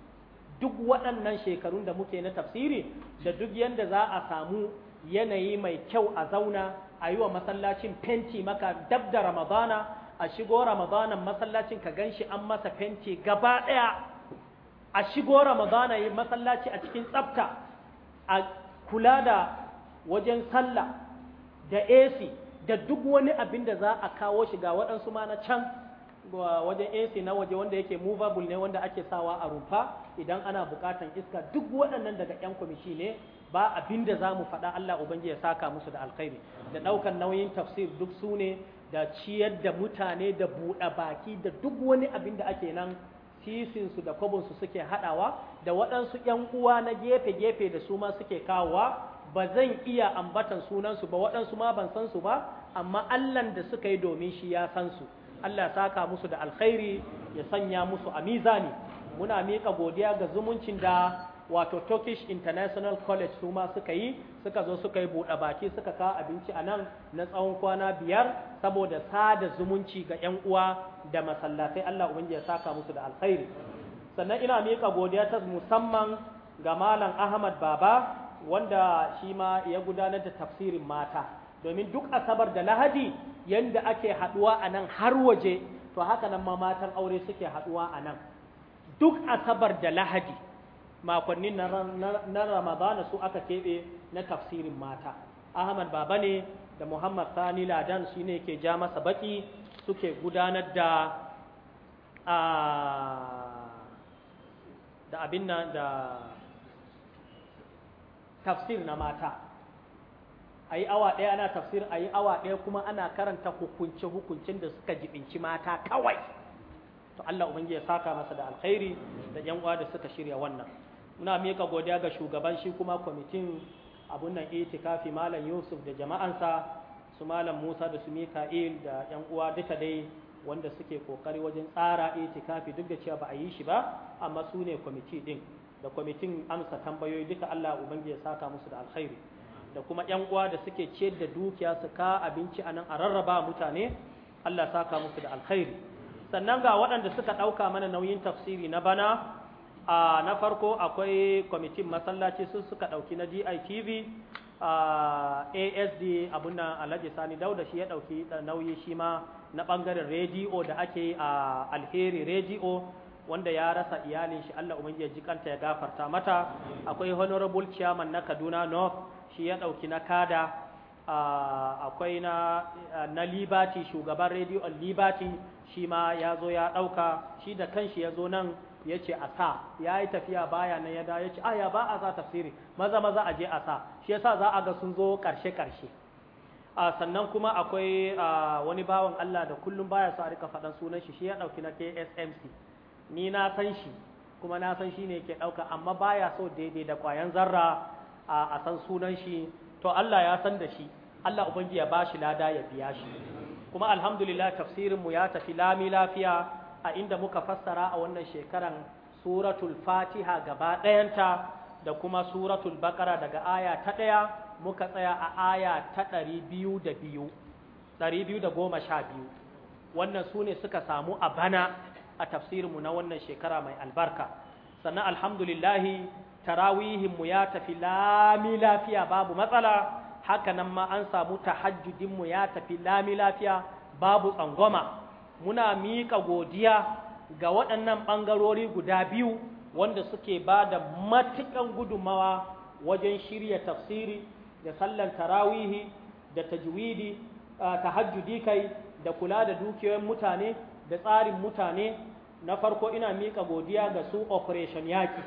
duk waɗannan shekarun da muke na tafsiri da duk yanda za a samu yanayi mai kyau a zauna a yi wa masallacin fenti maka dab da ramadana a shigo ramadanan masallacin ka ganshi an masa fenti gaba ɗaya a shigo ramadana yi masallaci a cikin tsafta a kula da wajen sallah da AC da duk wani abin da za a kawo shi ga waɗansu mana na can wajen AC na waje wanda yake movable ne wanda ake sawa a rumfa idan ana buƙatan iska duk waɗannan daga 'yan kwamishi ne ba abin da za mu faɗa Allah Ubangiji ya saka musu da alkhairi da ɗaukan nauyin tafsir duk sune ne da ciyar da mutane da buɗe baki da duk wani abin da ake nan sisinsu da kwabinsu suke haɗawa da waɗansu ‘yan uwa na gefe-gefe da su ma suke kawowa ba zan iya ambatan sunansu ba waɗansu ma ban san su ba amma Allahn da suka yi domin shi ya san su Allah ya saka musu da alkhairi ya sanya musu a mizani muna miƙa godiya ga zumuncin da wato Turkish International College su ma suka yi suka zo suka yi buɗe baki suka kawo abinci a nan na tsawon kwana biyar saboda sada zumunci ga 'yan uwa da masallatai Allah ubangi ya saka musu da alkhairi sannan ina miƙa godiya ta musamman ga Malam Ahmad Baba wanda shi ma ya gudanar da tafsirin mata domin duk asabar da lahadi yanda ake haɗuwa a nan har waje to haka nan ma matan aure suke haɗuwa a nan duk asabar da lahadi makonnin na ramadana su aka keɓe na tafsirin mata ahmad baba ne da muhammad sani ladan shi ne ke ja masa baki suke gudanar da da abin nan da tafsir na mata a yi awa ɗaya ana tafsir a yi awa ɗaya kuma ana karanta hukunci hukuncin da suka jibinci mata kawai to Allah ubangi ya saka masa da alkhairi da yan uwa da suka shirya wannan muna mika godiya ga shugaban shi kuma kwamitin abun nan itikafi malam yusuf da jama'ansa su malam musa da su mika'il da yan uwa duka dai wanda suke kokari wajen tsara itikafi duk da cewa ba a yi shi ba amma su ne kwamiti din da kwamitin amsa tambayoyi duka allah ubangiji ya saka musu da alkhairi da kuma yan uwa da suke ciyar da dukiya su ka abinci a nan a rarraba mutane allah saka musu da alkhairi sannan ga waɗanda suka ɗauka mana nauyin tafsiri na bana a na farko akwai kwamitin masallaci sun suka ɗauki na gitv a asd abunna alhaji sani dauda shi ya ɗauki nauyi shi ma na bangaren rediyo da ake a alheri rediyo wanda ya rasa iyalin shi allah umar ya jikanta ya gafarta mata akwai honorable chairman na kaduna north shi ya ɗauki na kada akwai na na liberty shugaban rediyon liberty shi ma ya zo ya ɗauka shi da kanshi ya zo nan yace ce a sa ya yi tafiya baya nan ya ah, ya ce aya ba a sa tafsiri maza maza a je a sa shi yasa za a ga sun zo karshe karshe a sannan kuma akwai wani bawan Allah da kullum baya sa a rika faɗan sunan shi shi ya dauki na KSMC ni na san shi kuma na san shi ne ke dauka amma baya so daidai da kwayan zarra a san sunan shi to Allah ya san da shi Allah ubangiji ya ba shi lada ya biya shi kuma alhamdulillah tafsirin mu ya tafi lami lafiya a inda muka fassara a wannan shekaran suratul fatiha gaba ɗayanta da kuma suratul bakara daga aya ta ɗaya muka tsaya a aya ta ɗari biyu da biyu ɗari biyu da goma sha biyu wannan su ne suka samu a bana a tafsirinmu na wannan shekara mai albarka sannan alhamdulillahi tarawihinmu ya tafi lami lafiya babu matsala Hakanan ma an samu tahajjudinmu ya tafi lami lafiya babu tsangwama muna miƙa godiya ga waɗannan ɓangarori guda biyu wanda suke ba da matuƙan gudumawa wajen shirya tafsiri da sallan tarawihi da tajwidi tahajjudi kai da kula da dukiyoyin mutane da tsarin mutane na farko ina miƙa godiya ga su operation yaƙi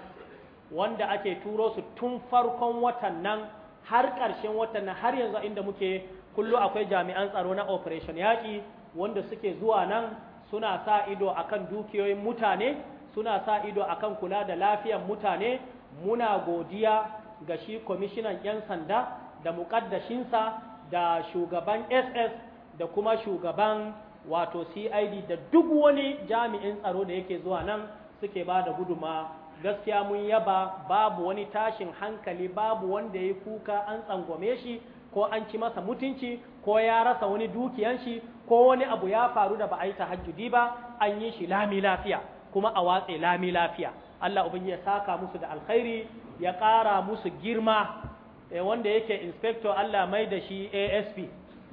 wanda ake turo su tun farkon watan nan har ƙarshen watan nan har yanzu inda muke kullu akwai jami'an tsaro na operation yaƙi wanda suke zuwa nan suna sa ido akan dukiyoyin mutane suna sa ido akan kula da lafiyar mutane muna godiya ga shi kwamishinan 'yan sanda da muƙaddashinsa da shugaban ss da kuma shugaban wato cid da duk wani jami'in tsaro da yake zuwa nan suke ba da guduma gaskiya mun yaba babu wani tashin hankali babu wanda ya kuka an tsangwame shi ko an ci masa mutunci ko ya rasa wani dukiyan shi ko wani abu ya faru da ba a yi ta tahajjudi ba an yi shi lami lafiya kuma a watse lami lafiya Allah ubin ya saka musu da alkhairi ya ƙara musu girma eh, wanda yake inspector Allah mai da shi ASP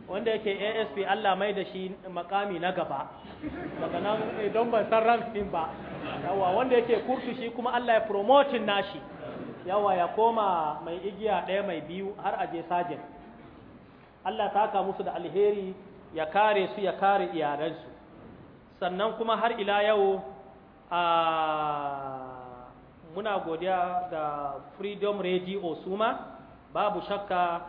wanda yake ASP Allah mai da shi makami na gaba daga nan eh, don ban san rankin ba yawa wanda yake kurtu shi kuma Allah ya promoting nashi yawa ya koma mai igiya ɗaya mai biyu har aje sajen Allah ta musu da alheri ya kare su ya kare iyalansu sannan kuma har ila yau a muna godiya da freedom radio suma babu shakka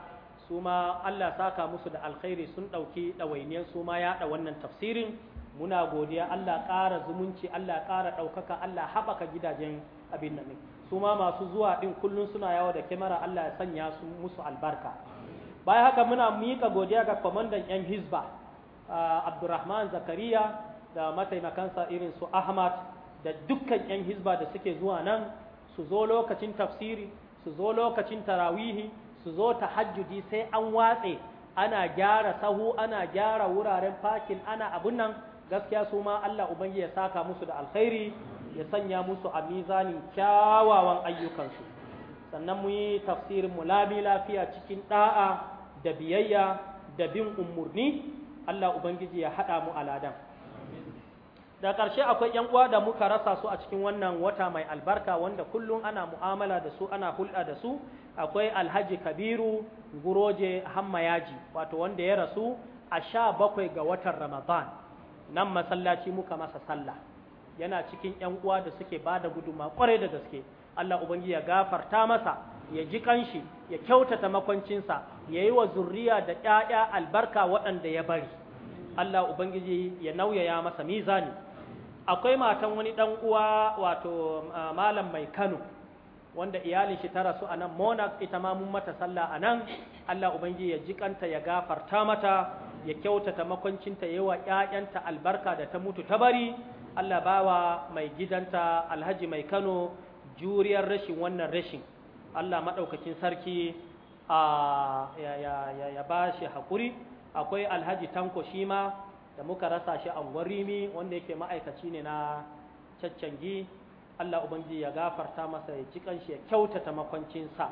suma Allah saka musu da alkhairi sun ɗauki ɗawainiyar suma ya da wannan tafsirin muna godiya Allah ƙara zumunci Allah ƙara ɗaukaka Allah haɓaka gidajen abin nan su masu zuwa ɗin kullum suna yawo da kyamara Allah ya sanya su musu albarka bayan haka muna mika godiya ga kwamandan 'yan hizba abdurrahman zakariya da mataimakansa irin su ahmad da dukkan 'yan hizba da suke zuwa nan su zo lokacin tafsiri su zo lokacin tarawihi su zo ta hajjudi sai an watse ana gyara sahu ana gyara wuraren fakin ana abun nan gaskiya su ma Allah ubangi ya saka musu da alkhairi ya sanya musu a mizanin kyawawan ayyukansu sannan mu yi tafsirin mu labi lafiya cikin da'a da biyayya da bin umurni Allah ubangiji ya haɗa mu aladan da ƙarshe akwai ‘yan uwa da muka rasa su a cikin wannan wata mai albarka wanda kullum ana mu'amala da su ana hulɗa da su akwai alhaji kabiru guroje hammayaji wato wanda ya rasu a sha bakwai ga watan ramadan nan masallaci muka masa sallah yana cikin ‘yan uwa da suke ba da guduma ƙwarai da gaske Allah Ubangiji ya gafarta masa ya ji kanshi ya kyautata makwancinsa ya yi wa zurriya da ƴaƴa albarka waɗanda ya bari Allah ubangiji ya nauyaya masa miza ne akwai matan wani ɗan uwa wato malam mai Kano wanda iyalin shi ta rasu a nan monarch ita ma mun mata sallah a nan Allah ubangiji ya ji kanta ya gafarta mata ya kyautata makwancinta ya yi wa ƴaƴanta albarka da ta mutu ta bari Allah bawa mai gidanta Alhaji mai Kano juriyar rashin wannan rashin Allah maɗaukakin sarki ya ba shi hakuri. akwai alhaji tanko shi ma da muka rasa shi a rimi wanda yake ma'aikaci ne na caccangi Allah ubangi ya gafarta masa ya ci kanshi ya kyautata makwancinsa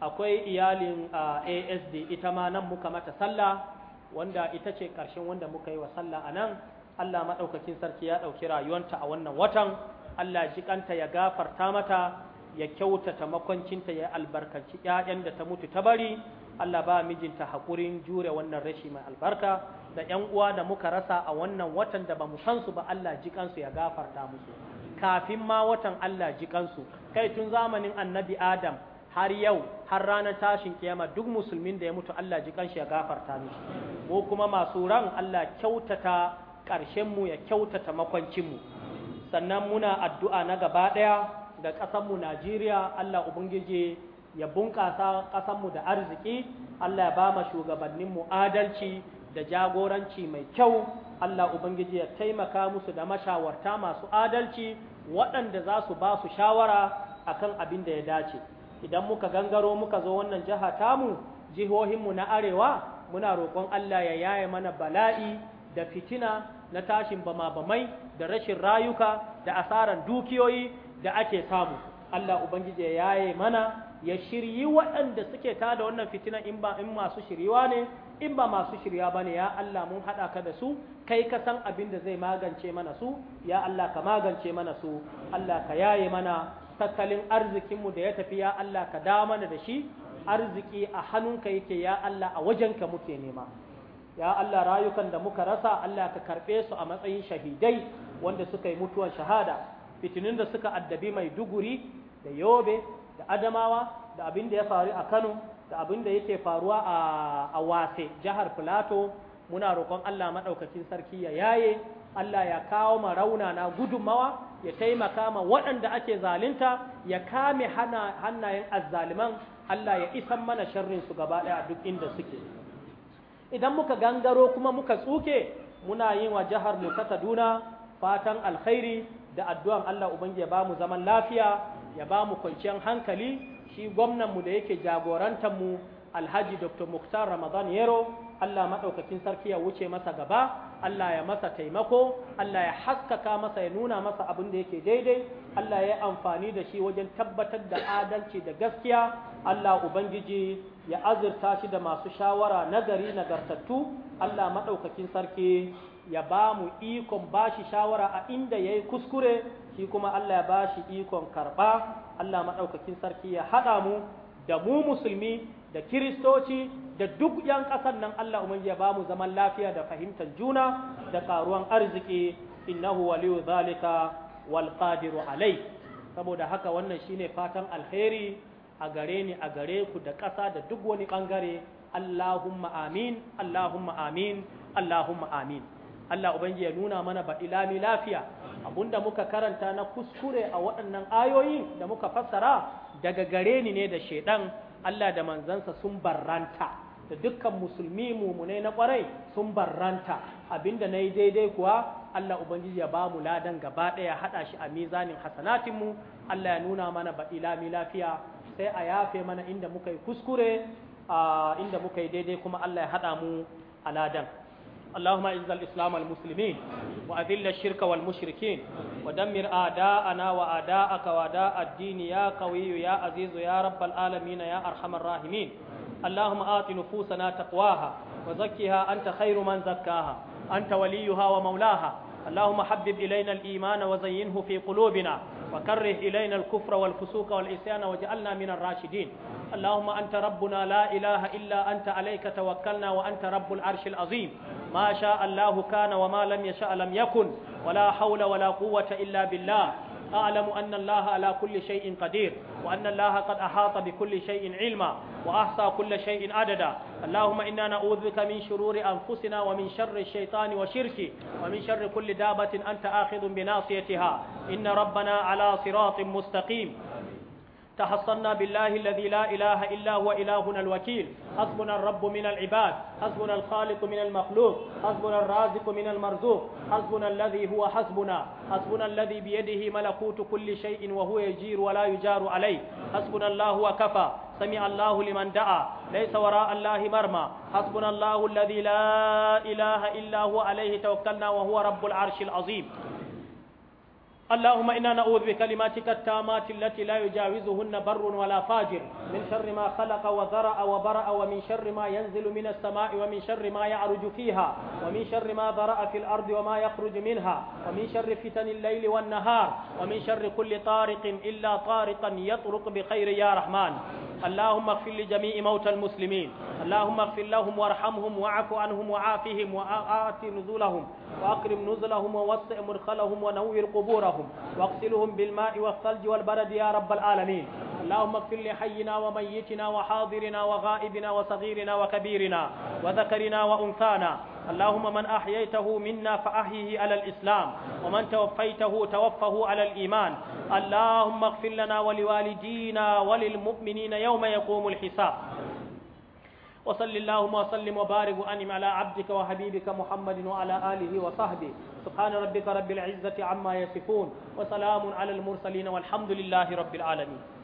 akwai iyalin asd ita ma nan muka mata sallah wanda ita ce ƙarshen wanda muka yi wa sallah a nan Allah maɗaukakin sarki ya ɗauki rayuwanta a wannan watan Allah ji kanta ya gafarta mata ya kyautata makwancinta ya albarkaci ‘ya'yan da ta mutu ta bari Allah ba mijinta haƙurin jure wannan rashi mai albarka da ‘yan uwa da muka rasa a wannan watan da ba mu san su ba Allah ji kansu ya gafarta musu kafin ma watan Allah ji kansu kai tun zamanin annabi Adam har yau har ranar tashin kiyama duk musulmin da ya mutu Allah ji kansu ya gafarta musu. Ko kuma masu ran Allah kyautata ƙarshen mu ya kyautata makwancin mu sannan muna addu'a na gaba ɗaya da mu Najeriya Allah Ubangiji ya bunƙasa ƙasanmu da arziki Allah ya ba ma shugabanninmu adalci da jagoranci mai kyau Allah Ubangiji ya taimaka musu da mashawarta masu adalci waɗanda za su ba su shawara akan abin da ya dace idan muka gangaro muka zo wannan jiha tamu jihohinmu na arewa muna roƙon Allah ya yaye mana bala'i da fitina na tashin bama-bamai da rashin rayuka da asaran dukiyoyi da ake samu Allah ubangiji ya yaye mana ya shiryi waɗanda suke tada wannan fitina in ba in masu shiryuwa ne in ba masu shirya bane ne ya Allah mun haɗa ka da su kai ka san abin da zai magance mana su ya Allah ka magance mana su Allah ka yaye mana tattalin arzikinmu da ya tafi ya Allah ka da mana da shi arziki a hannunka yake ya Allah a wajen ka muke nema ya Allah rayukan da muka rasa Allah ka karɓe su a matsayin shahidai wanda suka yi mutuwar shahada fitinin da suka addabi mai duguri da yobe da adamawa da abin da ya faru a kano da abin da yake faruwa a wase jihar filato muna roƙon allah maɗaukacin sarki ya yaye allah ya kawo ma na gudunmawa ya taimaka ma waɗanda ake zalinta ya kame hannayen azzaliman allah ya isan mana sharrinsu gaba ɗaya a duk inda suke idan muka gangaro kuma muka tsuke muna yin wa jihar mu ta kaduna fatan alkhairi da addu'an Allah Ubangiji ya ba mu zaman lafiya ya ba mu kwanciyar hankali shi gwamnanmu da yake mu alhaji Dr. Muktar Ramadan yaro Allah maɗaukakin sarki ya wuce masa gaba Allah ya masa taimako Allah ya haskaka masa ya nuna masa abin da yake daidai Allah ya amfani da shi wajen tabbatar da adalci da gaskiya Allah Ubangiji ya azurta shi da masu shawara nagari nagartattu Allah maɗaukakin sarki ya ba mu ikon ba shi shawara a inda ya yi kuskure shi kuma Allah ya ba shi ikon karɓa Allah maɗaukakin sarki ya haɗa mu da mu musulmi da kiristoci da duk ‘yan ƙasar nan Allah ya ba mu zaman lafiya da fahimtar juna da ƙaruwan arziki innahu waliyu zalika wal qadiru alai saboda haka wannan shine fatan alheri a gare ni a gare ku da ƙasa da duk wani ɓangare Allahumma amin Allahumma amin Allahumma amin Allah ubangi ya nuna mana ba ilami lafiya abunda muka karanta na kuskure a waɗannan ayoyi da muka fassara daga gare ni ne da shedan Allah da manzansa sun barranta da dukkan musulmi mu mumunai na kwarai sun barranta abinda na yi daidai kuwa Allah Ubangiji ya ba mu ladan gaba ɗaya haɗa shi a mizanin mu. Allah ya nuna mana baɗi lami lafiya sai a yafe mana inda muka yi kuskure inda muka yi daidai kuma Allah ya haɗa mu a ladan اللهم اعز الاسلام والمسلمين واذل الشرك والمشركين ودمر اعداءنا واعداءك واعداء الدين يا قوي يا عزيز يا رب العالمين يا ارحم الراحمين اللهم آت نفوسنا تقواها وزكها أنت خير من زكاها أنت وليها ومولاها اللهم حبب إلينا الإيمان وزينه في قلوبنا وكره إلينا الكفر والفسوق والعصيان واجعلنا من الراشدين اللهم أنت ربنا لا إله إلا أنت عليك توكلنا وأنت رب العرش العظيم ما شاء الله كان وما لم يشاء لم يكن ولا حول ولا قوة إلا بالله أعلم أن الله على كل شيء قدير وأن الله قد أحاط بكل شيء علما وأحصى كل شيء عددا اللهم إنا نعوذ بك من شرور أنفسنا ومن شر الشيطان وشركه ومن شر كل دابة أنت آخذ بناصيتها إن ربنا على صراط مستقيم تحصنا بالله الذي لا إله إلا هو إلهنا الوكيل حسبنا الرب من العباد حسبنا الخالق من المخلوق حسبنا الرازق من المرزوق حسبنا الذي هو حسبنا حسبنا الذي بيده ملكوت كل شيء وهو يجير ولا يجار عليه حسبنا الله وكفى سمع الله لمن دعا ليس وراء الله مرمى حسبنا الله الذي لا إله إلا هو عليه توكلنا وهو رب العرش العظيم اللهم إنا نعوذ بكلماتك التامات التي لا يجاوزهن بر ولا فاجر من شر ما خلق وذرأ وبرأ ومن شر ما ينزل من السماء ومن شر ما يعرج فيها ومن شر ما ذرأ في الأرض وما يخرج منها ومن شر فتن الليل والنهار ومن شر كل طارق إلا طارقا يطرق بخير يا رحمن اللهم اغفر لجميع موتى المسلمين اللهم اغفر لهم وارحمهم واعف عنهم وعافهم وآت نزلهم وأكرم نزلهم ووسع مرخلهم ونوّر قبورهم واغسلهم بالماء والثلج والبرد يا رب العالمين اللهم اغفر لحينا وميتنا وحاضرنا وغائبنا وصغيرنا وكبيرنا وذكرنا وأنثانا اللهم من أحييته منا فأحيه على الإسلام ومن توفيته توفه على الإيمان اللهم اغفر لنا ولوالدينا وللمؤمنين يوم يقوم الحساب وصل اللهم وسلم وبارك وأنم على عبدك وحبيبك محمد وعلى آله وصحبه سبحان ربك رب العزة عما يصفون وسلام على المرسلين والحمد لله رب العالمين